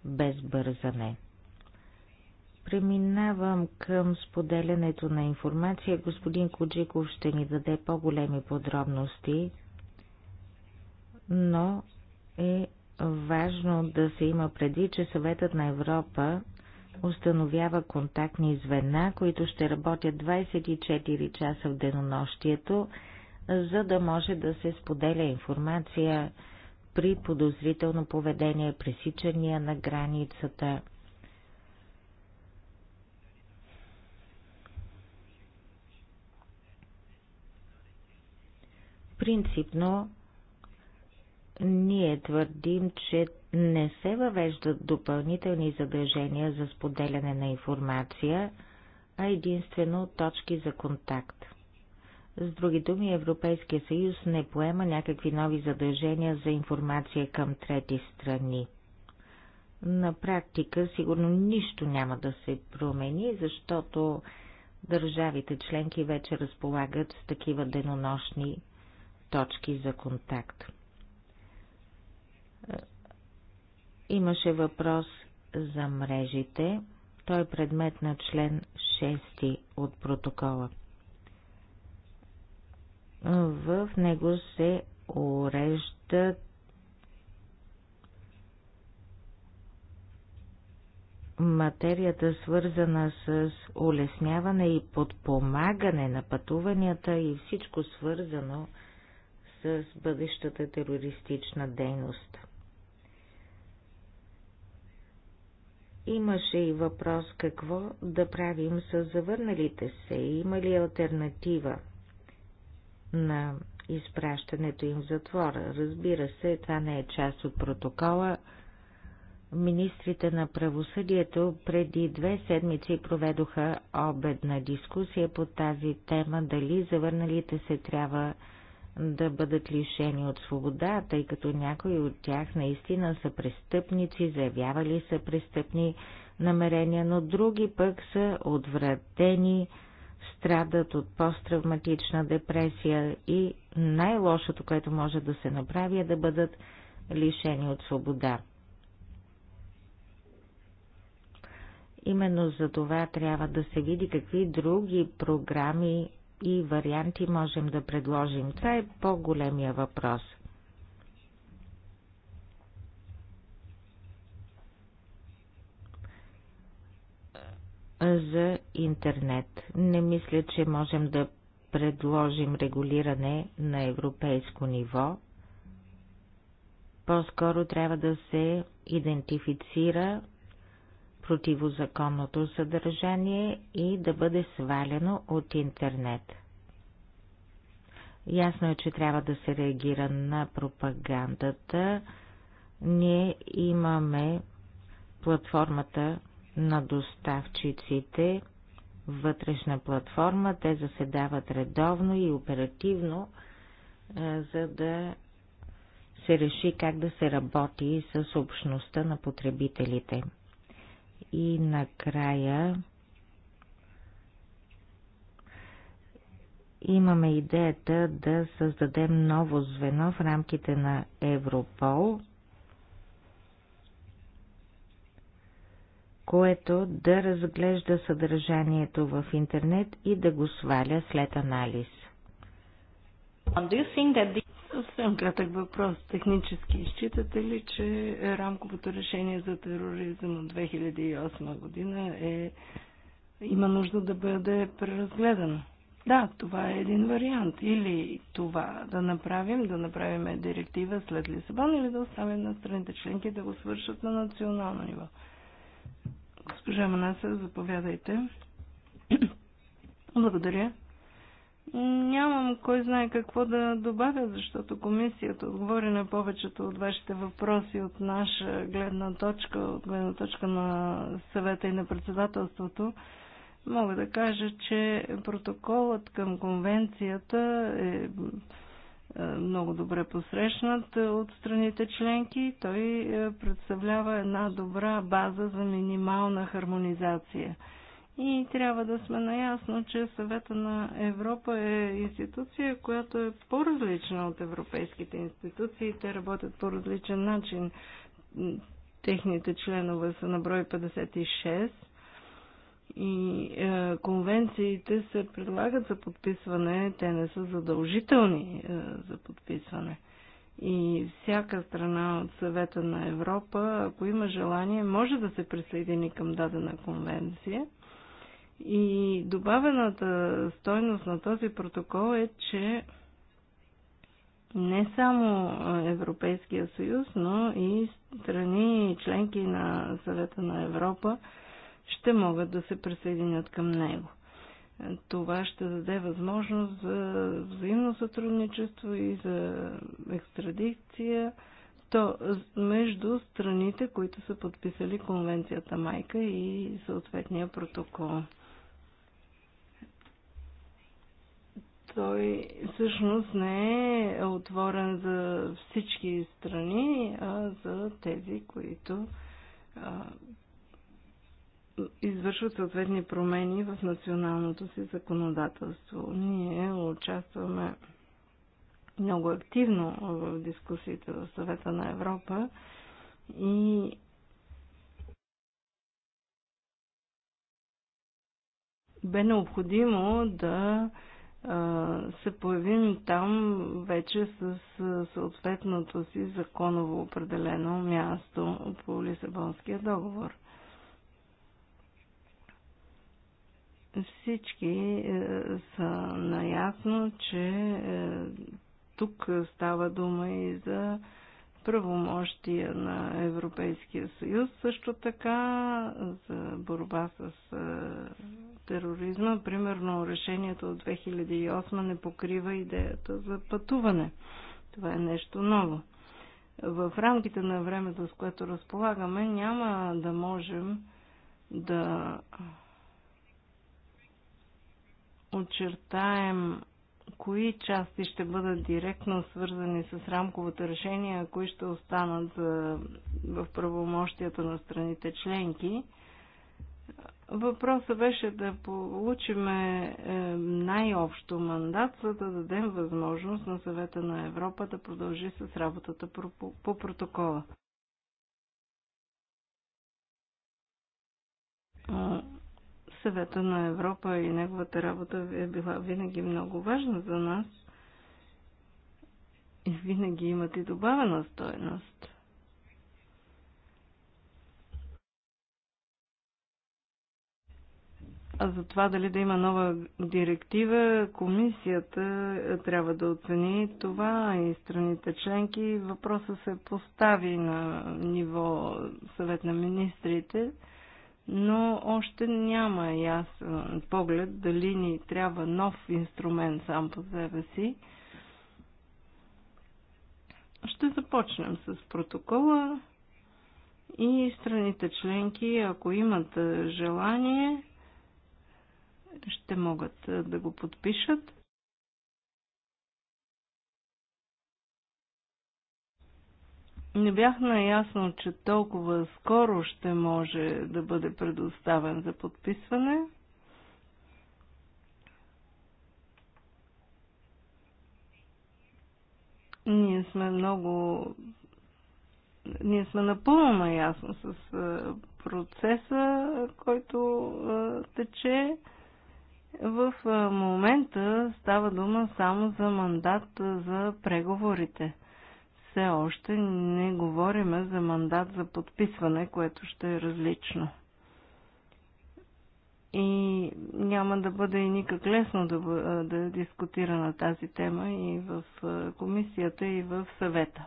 без бързане. Преминавам към споделянето на информация. Господин Куджиков ще ни даде по-големи подробности, но е важно да се има преди, че съветът на Европа установява контактни звена, които ще работят 24 часа в денонощието, за да може да се споделя информация при подозрително поведение, пресичания на границата. Принципно ние твърдим, че не се въвеждат допълнителни задължения за споделяне на информация, а единствено точки за контакт. С други думи, Европейския съюз не поема някакви нови задължения за информация към трети страни. На практика сигурно нищо няма да се промени, защото държавите членки вече разполагат с такива денонощни точки за контакт. Имаше въпрос за мрежите. Той е предмет на член 6 от протокола. В него се уреждат материята свързана с улесняване и подпомагане на пътуванията и всичко свързано с бъдещата терористична дейност. Имаше и въпрос какво да правим с завърналите се, има ли альтернатива – на изпращането им в затвора. Разбира се, това не е част от протокола. Министрите на правосъдието преди две седмици проведоха обедна дискусия по тази тема дали завърналите се трябва да бъдат лишени от свобода, тъй като някои от тях наистина са престъпници, заявявали са престъпни намерения, но други пък са отвратени страдат от посттравматична депресия и най-лошото, което може да се направи е да бъдат лишени от свобода. Именно за това трябва да се види какви други програми и варианти можем да предложим. Това е по-големия въпрос – за интернет. Не мисля, че можем да предложим регулиране на европейско ниво. По-скоро трябва да се идентифицира противозаконното съдържание и да бъде свалено от интернет. Ясно е, че трябва да се реагира на пропагандата. Ние имаме платформата на доставчиците вътрешна платформа. Те заседават редовно и оперативно, е, за да се реши как да се работи с общността на потребителите. И накрая имаме идеята да създадем ново звено в рамките на Европол – което да разглежда съдържанието в интернет и да го сваля след анализ. Um, Съвсем кратък въпрос. Технически считате ли, че рамковото решение за тероризъм от 2008 година е, има нужда да бъде преразгледано? Да, това е един вариант. Или това да направим, да направим директива след Лисабон или да оставим на страните членки да го свършат на национално ниво. Госпожа Манаса, заповядайте. Благодаря. Нямам кой знае какво да добавя, защото комисията отговори на повечето от вашите въпроси от наша гледна точка, от гледна точка на съвета и на председателството. Мога да кажа, че протоколът към конвенцията е е, много добре посрещнат е, от страните членки. Той е, представлява една добра база за минимална хармонизация. И трябва да сме наясно, че съвета на Европа е институция, която е по-различна от европейските институции. Те работят по различен начин. Техните членове са на брой 56 и е, конвенциите се предлагат за подписване, те не са задължителни е, за подписване. И всяка страна от съвета на Европа, ако има желание, може да се присъедини към дадена конвенция. И добавената стойност на този протокол е, че не само Европейския съюз, но и страни членки на съвета на Европа ще могат да се присъединят към него. Това ще даде възможност за взаимно сътрудничество и за екстрадикция то между страните, които са подписали конвенцията майка и съответния протокол. Той всъщност не е отворен за всички страни, а за тези, които извършват съответни промени в националното си законодателство. Ние участваме много активно в дискусиите в съвета на Европа и бе необходимо да се появим там вече с съответното си законово определено място по Лисабонския договор. Всички е, са наясно, че е, тук става дума и за правомощия на Европейския съюз, също така за борба с е, тероризма. Примерно решението от 2008 не покрива идеята за пътуване. Това е нещо ново. В рамките на времето, с което разполагаме, няма да можем да очертаем кои части ще бъдат директно свързани с рамковото решение, а кои ще останат за, в правомощията на страните членки. Въпросът беше да получим е, най-общо мандат, за да дадем възможност на съвета на Европа да продължи с работата по протокола съвета на Европа и неговата работа е била винаги много важна за нас и винаги имат и добавена стоеност. А за това дали да има нова директива, комисията трябва да оцени това и страните членки. Въпросът се постави на ниво съвет на министрите но още няма ясен поглед дали ни трябва нов инструмент сам по себе си. Ще започнем с протокола и страните членки, ако имат желание, ще могат да го подпишат. Не бях наясно, че толкова скоро ще може да бъде предоставен за подписване. Ние сме много. Ние сме напълно наясно с е, процеса, който е, тече. В е, момента става дума само за мандат за преговорите все още не говориме за мандат за подписване, което ще е различно. И няма да бъде и никак лесно да, да дискутира на тази тема и в комисията, и в съвета.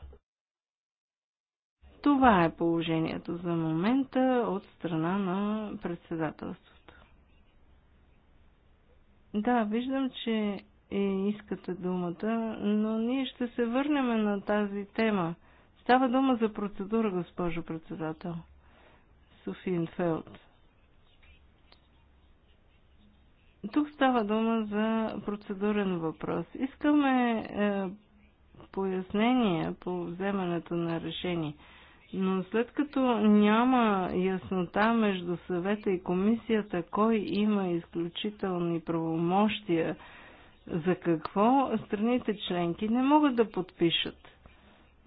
Това е положението за момента от страна на председателството. Да, виждам, че и е, искате думата, но ние ще се върнем на тази тема. Става дума за процедура, госпожо председател. Софин Фелд. Тук става дума за процедурен въпрос. Искаме е, пояснение по вземането на решение. Но след като няма яснота между съвета и комисията, кой има изключителни правомощия за какво страните членки не могат да подпишат.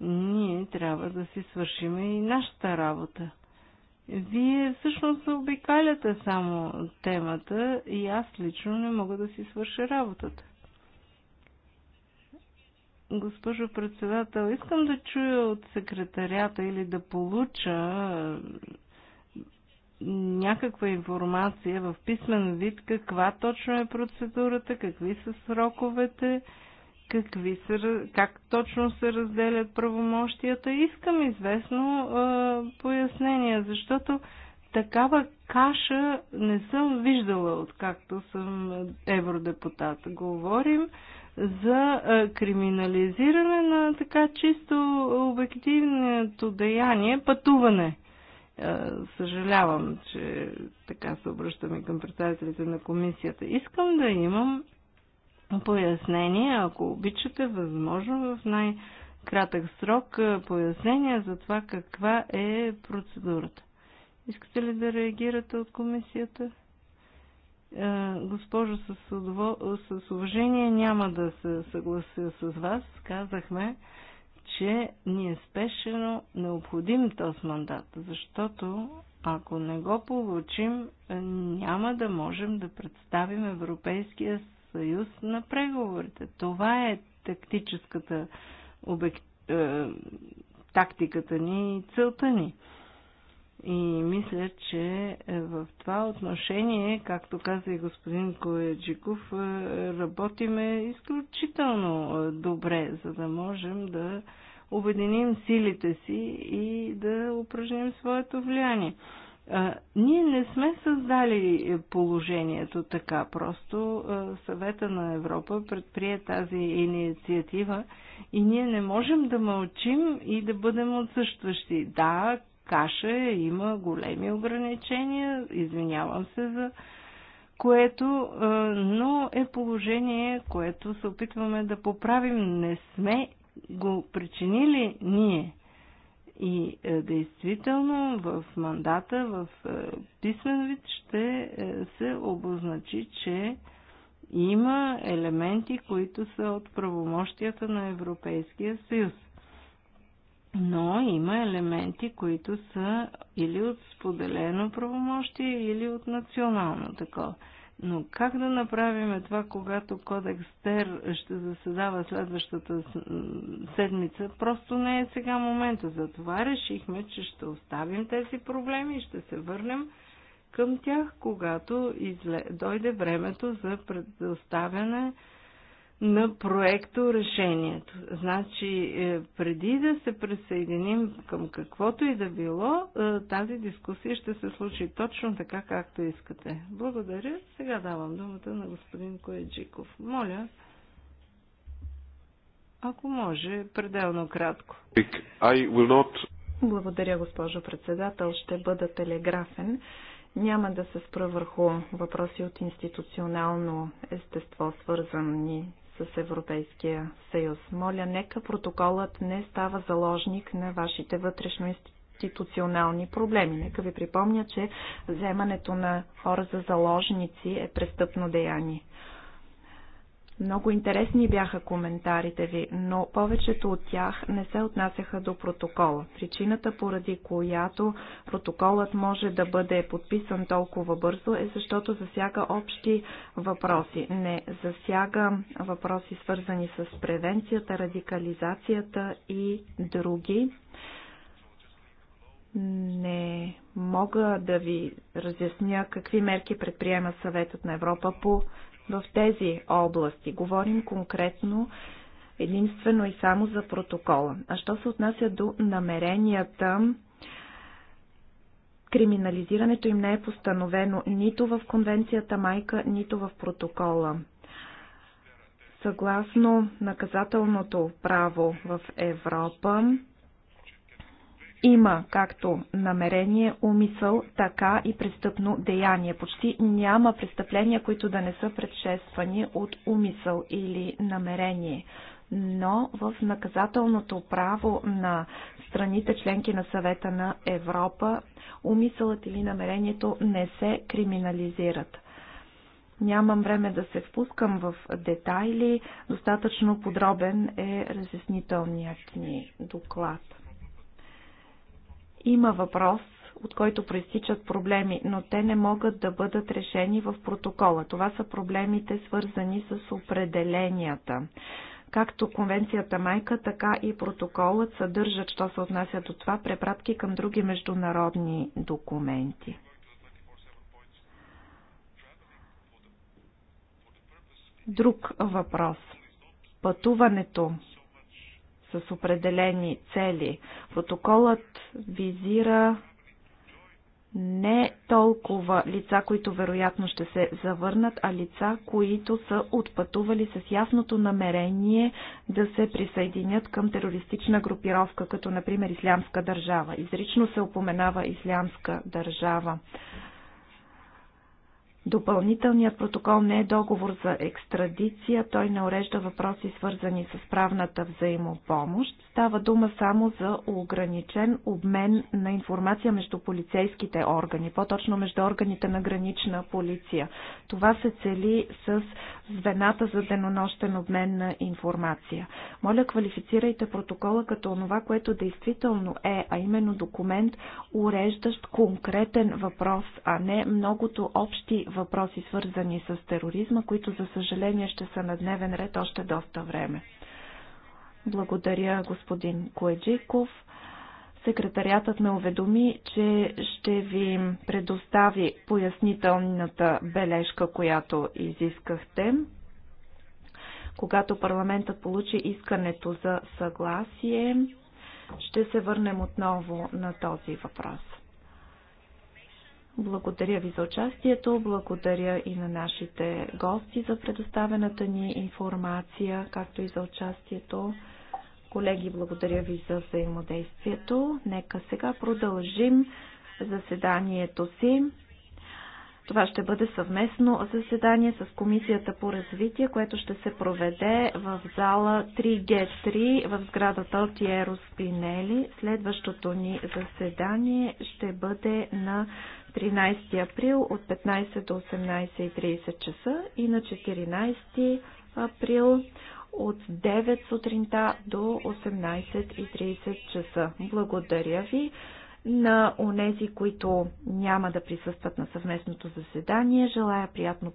Ние трябва да си свършим и нашата работа. Вие всъщност обикаляте само темата и аз лично не мога да си свърша работата. Госпожо председател, искам да чуя от секретарята или да получа някаква информация в писмен вид, каква точно е процедурата, какви са сроковете, какви са, как точно се разделят правомощията. Искам известно а, пояснение, защото такава каша не съм виждала, откакто съм евродепутат. Говорим за криминализиране на така чисто обективното деяние пътуване – е, съжалявам, че така се обръщаме към представителите на комисията. Искам да имам пояснение, ако обичате, възможно в най-кратък срок, е, пояснение за това каква е процедурата. Искате ли да реагирате от комисията? Е, госпожо, с, удов... с уважение няма да се съглася с вас. Казахме, че ни е спешно необходим този мандат, защото ако не го получим, е, няма да можем да представим Европейския съюз на преговорите. Това е тактическата обект... Е, тактиката ни и целта ни. И мисля, че е, в това отношение, както каза и господин Коеджиков, е, работиме изключително е, добре, за да можем да обединим силите си и да упражним своето влияние. ние не сме създали положението така, просто съвета на Европа предприе тази инициатива и ние не можем да мълчим и да бъдем отсъщащи. Да, каша, има големи ограничения, извинявам се за което, но е положение, което се опитваме да поправим. Не сме го причинили ние. И е, действително в мандата, в е, писмен вид ще е, се обозначи, че има елементи, които са от правомощията на Европейския съюз но има елементи, които са или от споделено правомощие, или от национално такова. Но как да направим това, когато Кодекс Тер ще заседава следващата седмица, просто не е сега момента. Затова решихме, че ще оставим тези проблеми и ще се върнем към тях, когато изле... дойде времето за предоставяне на проекто решението. Значи, е, преди да се присъединим към каквото и да било, е, тази дискусия ще се случи точно така, както искате. Благодаря. Сега давам думата на господин Коеджиков. Моля, ако може, пределно кратко. I will not... Благодаря, госпожо председател. Ще бъда телеграфен. Няма да се спра върху въпроси от институционално естество, свързани с Европейския съюз. Моля, нека протоколът не става заложник на вашите вътрешно институционални проблеми. Нека ви припомня, че вземането на хора за заложници е престъпно деяние. Много интересни бяха коментарите ви, но повечето от тях не се отнасяха до протокола. Причината, поради която протоколът може да бъде подписан толкова бързо, е защото засяга общи въпроси. Не засяга въпроси свързани с превенцията, радикализацията и други. Не мога да ви разясня какви мерки предприема съветът на Европа по в тези области. Говорим конкретно единствено и само за протокола. А що се отнася до намеренията, криминализирането им не е постановено нито в конвенцията майка, нито в протокола. Съгласно наказателното право в Европа, има както намерение, умисъл, така и престъпно деяние. Почти няма престъпления, които да не са предшествани от умисъл или намерение но в наказателното право на страните членки на съвета на Европа умисълът или намерението не се криминализират. Нямам време да се впускам в детайли, достатъчно подробен е разяснителният ни доклад. Има въпрос, от който проистичат проблеми, но те не могат да бъдат решени в протокола. Това са проблемите, свързани с определенията. Както конвенцията майка, така и протоколът съдържат, що се отнася до това, препратки към други международни документи. Друг въпрос. Пътуването с определени цели. Протоколът визира не толкова лица, които вероятно ще се завърнат, а лица, които са отпътували с ясното намерение да се присъединят към терористична групировка, като например Ислямска държава. Изрично се упоменава Ислямска държава. Допълнителният протокол не е договор за екстрадиция, той не урежда въпроси свързани с правната взаимопомощ. Става дума само за ограничен обмен на информация между полицейските органи, по-точно между органите на гранична полиция. Това се цели с звената за денонощен обмен на информация. Моля, квалифицирайте протокола като онова, което действително е, а именно документ, уреждащ конкретен въпрос, а не многото общи въпроси въпроси, свързани с тероризма, които за съжаление ще са на дневен ред още доста време. Благодаря господин Коеджиков. Секретариатът ме уведоми, че ще ви предостави пояснителната бележка, която изискахте. Когато парламентът получи искането за съгласие, ще се върнем отново на този въпрос. Благодаря ви за участието, благодаря и на нашите гости за предоставената ни информация, както и за участието. Колеги, благодаря ви за взаимодействието. Нека сега продължим заседанието си. Това ще бъде съвместно заседание с Комисията по развитие, което ще се проведе в зала 3G3 в сградата от Тиеро Спинели. Следващото ни заседание ще бъде на 13 април от 15 до 18.30 часа и на 14 април от 9 сутринта до 18.30 часа. Благодаря ви на онези, които няма да присъстват на съвместното заседание. Желая приятно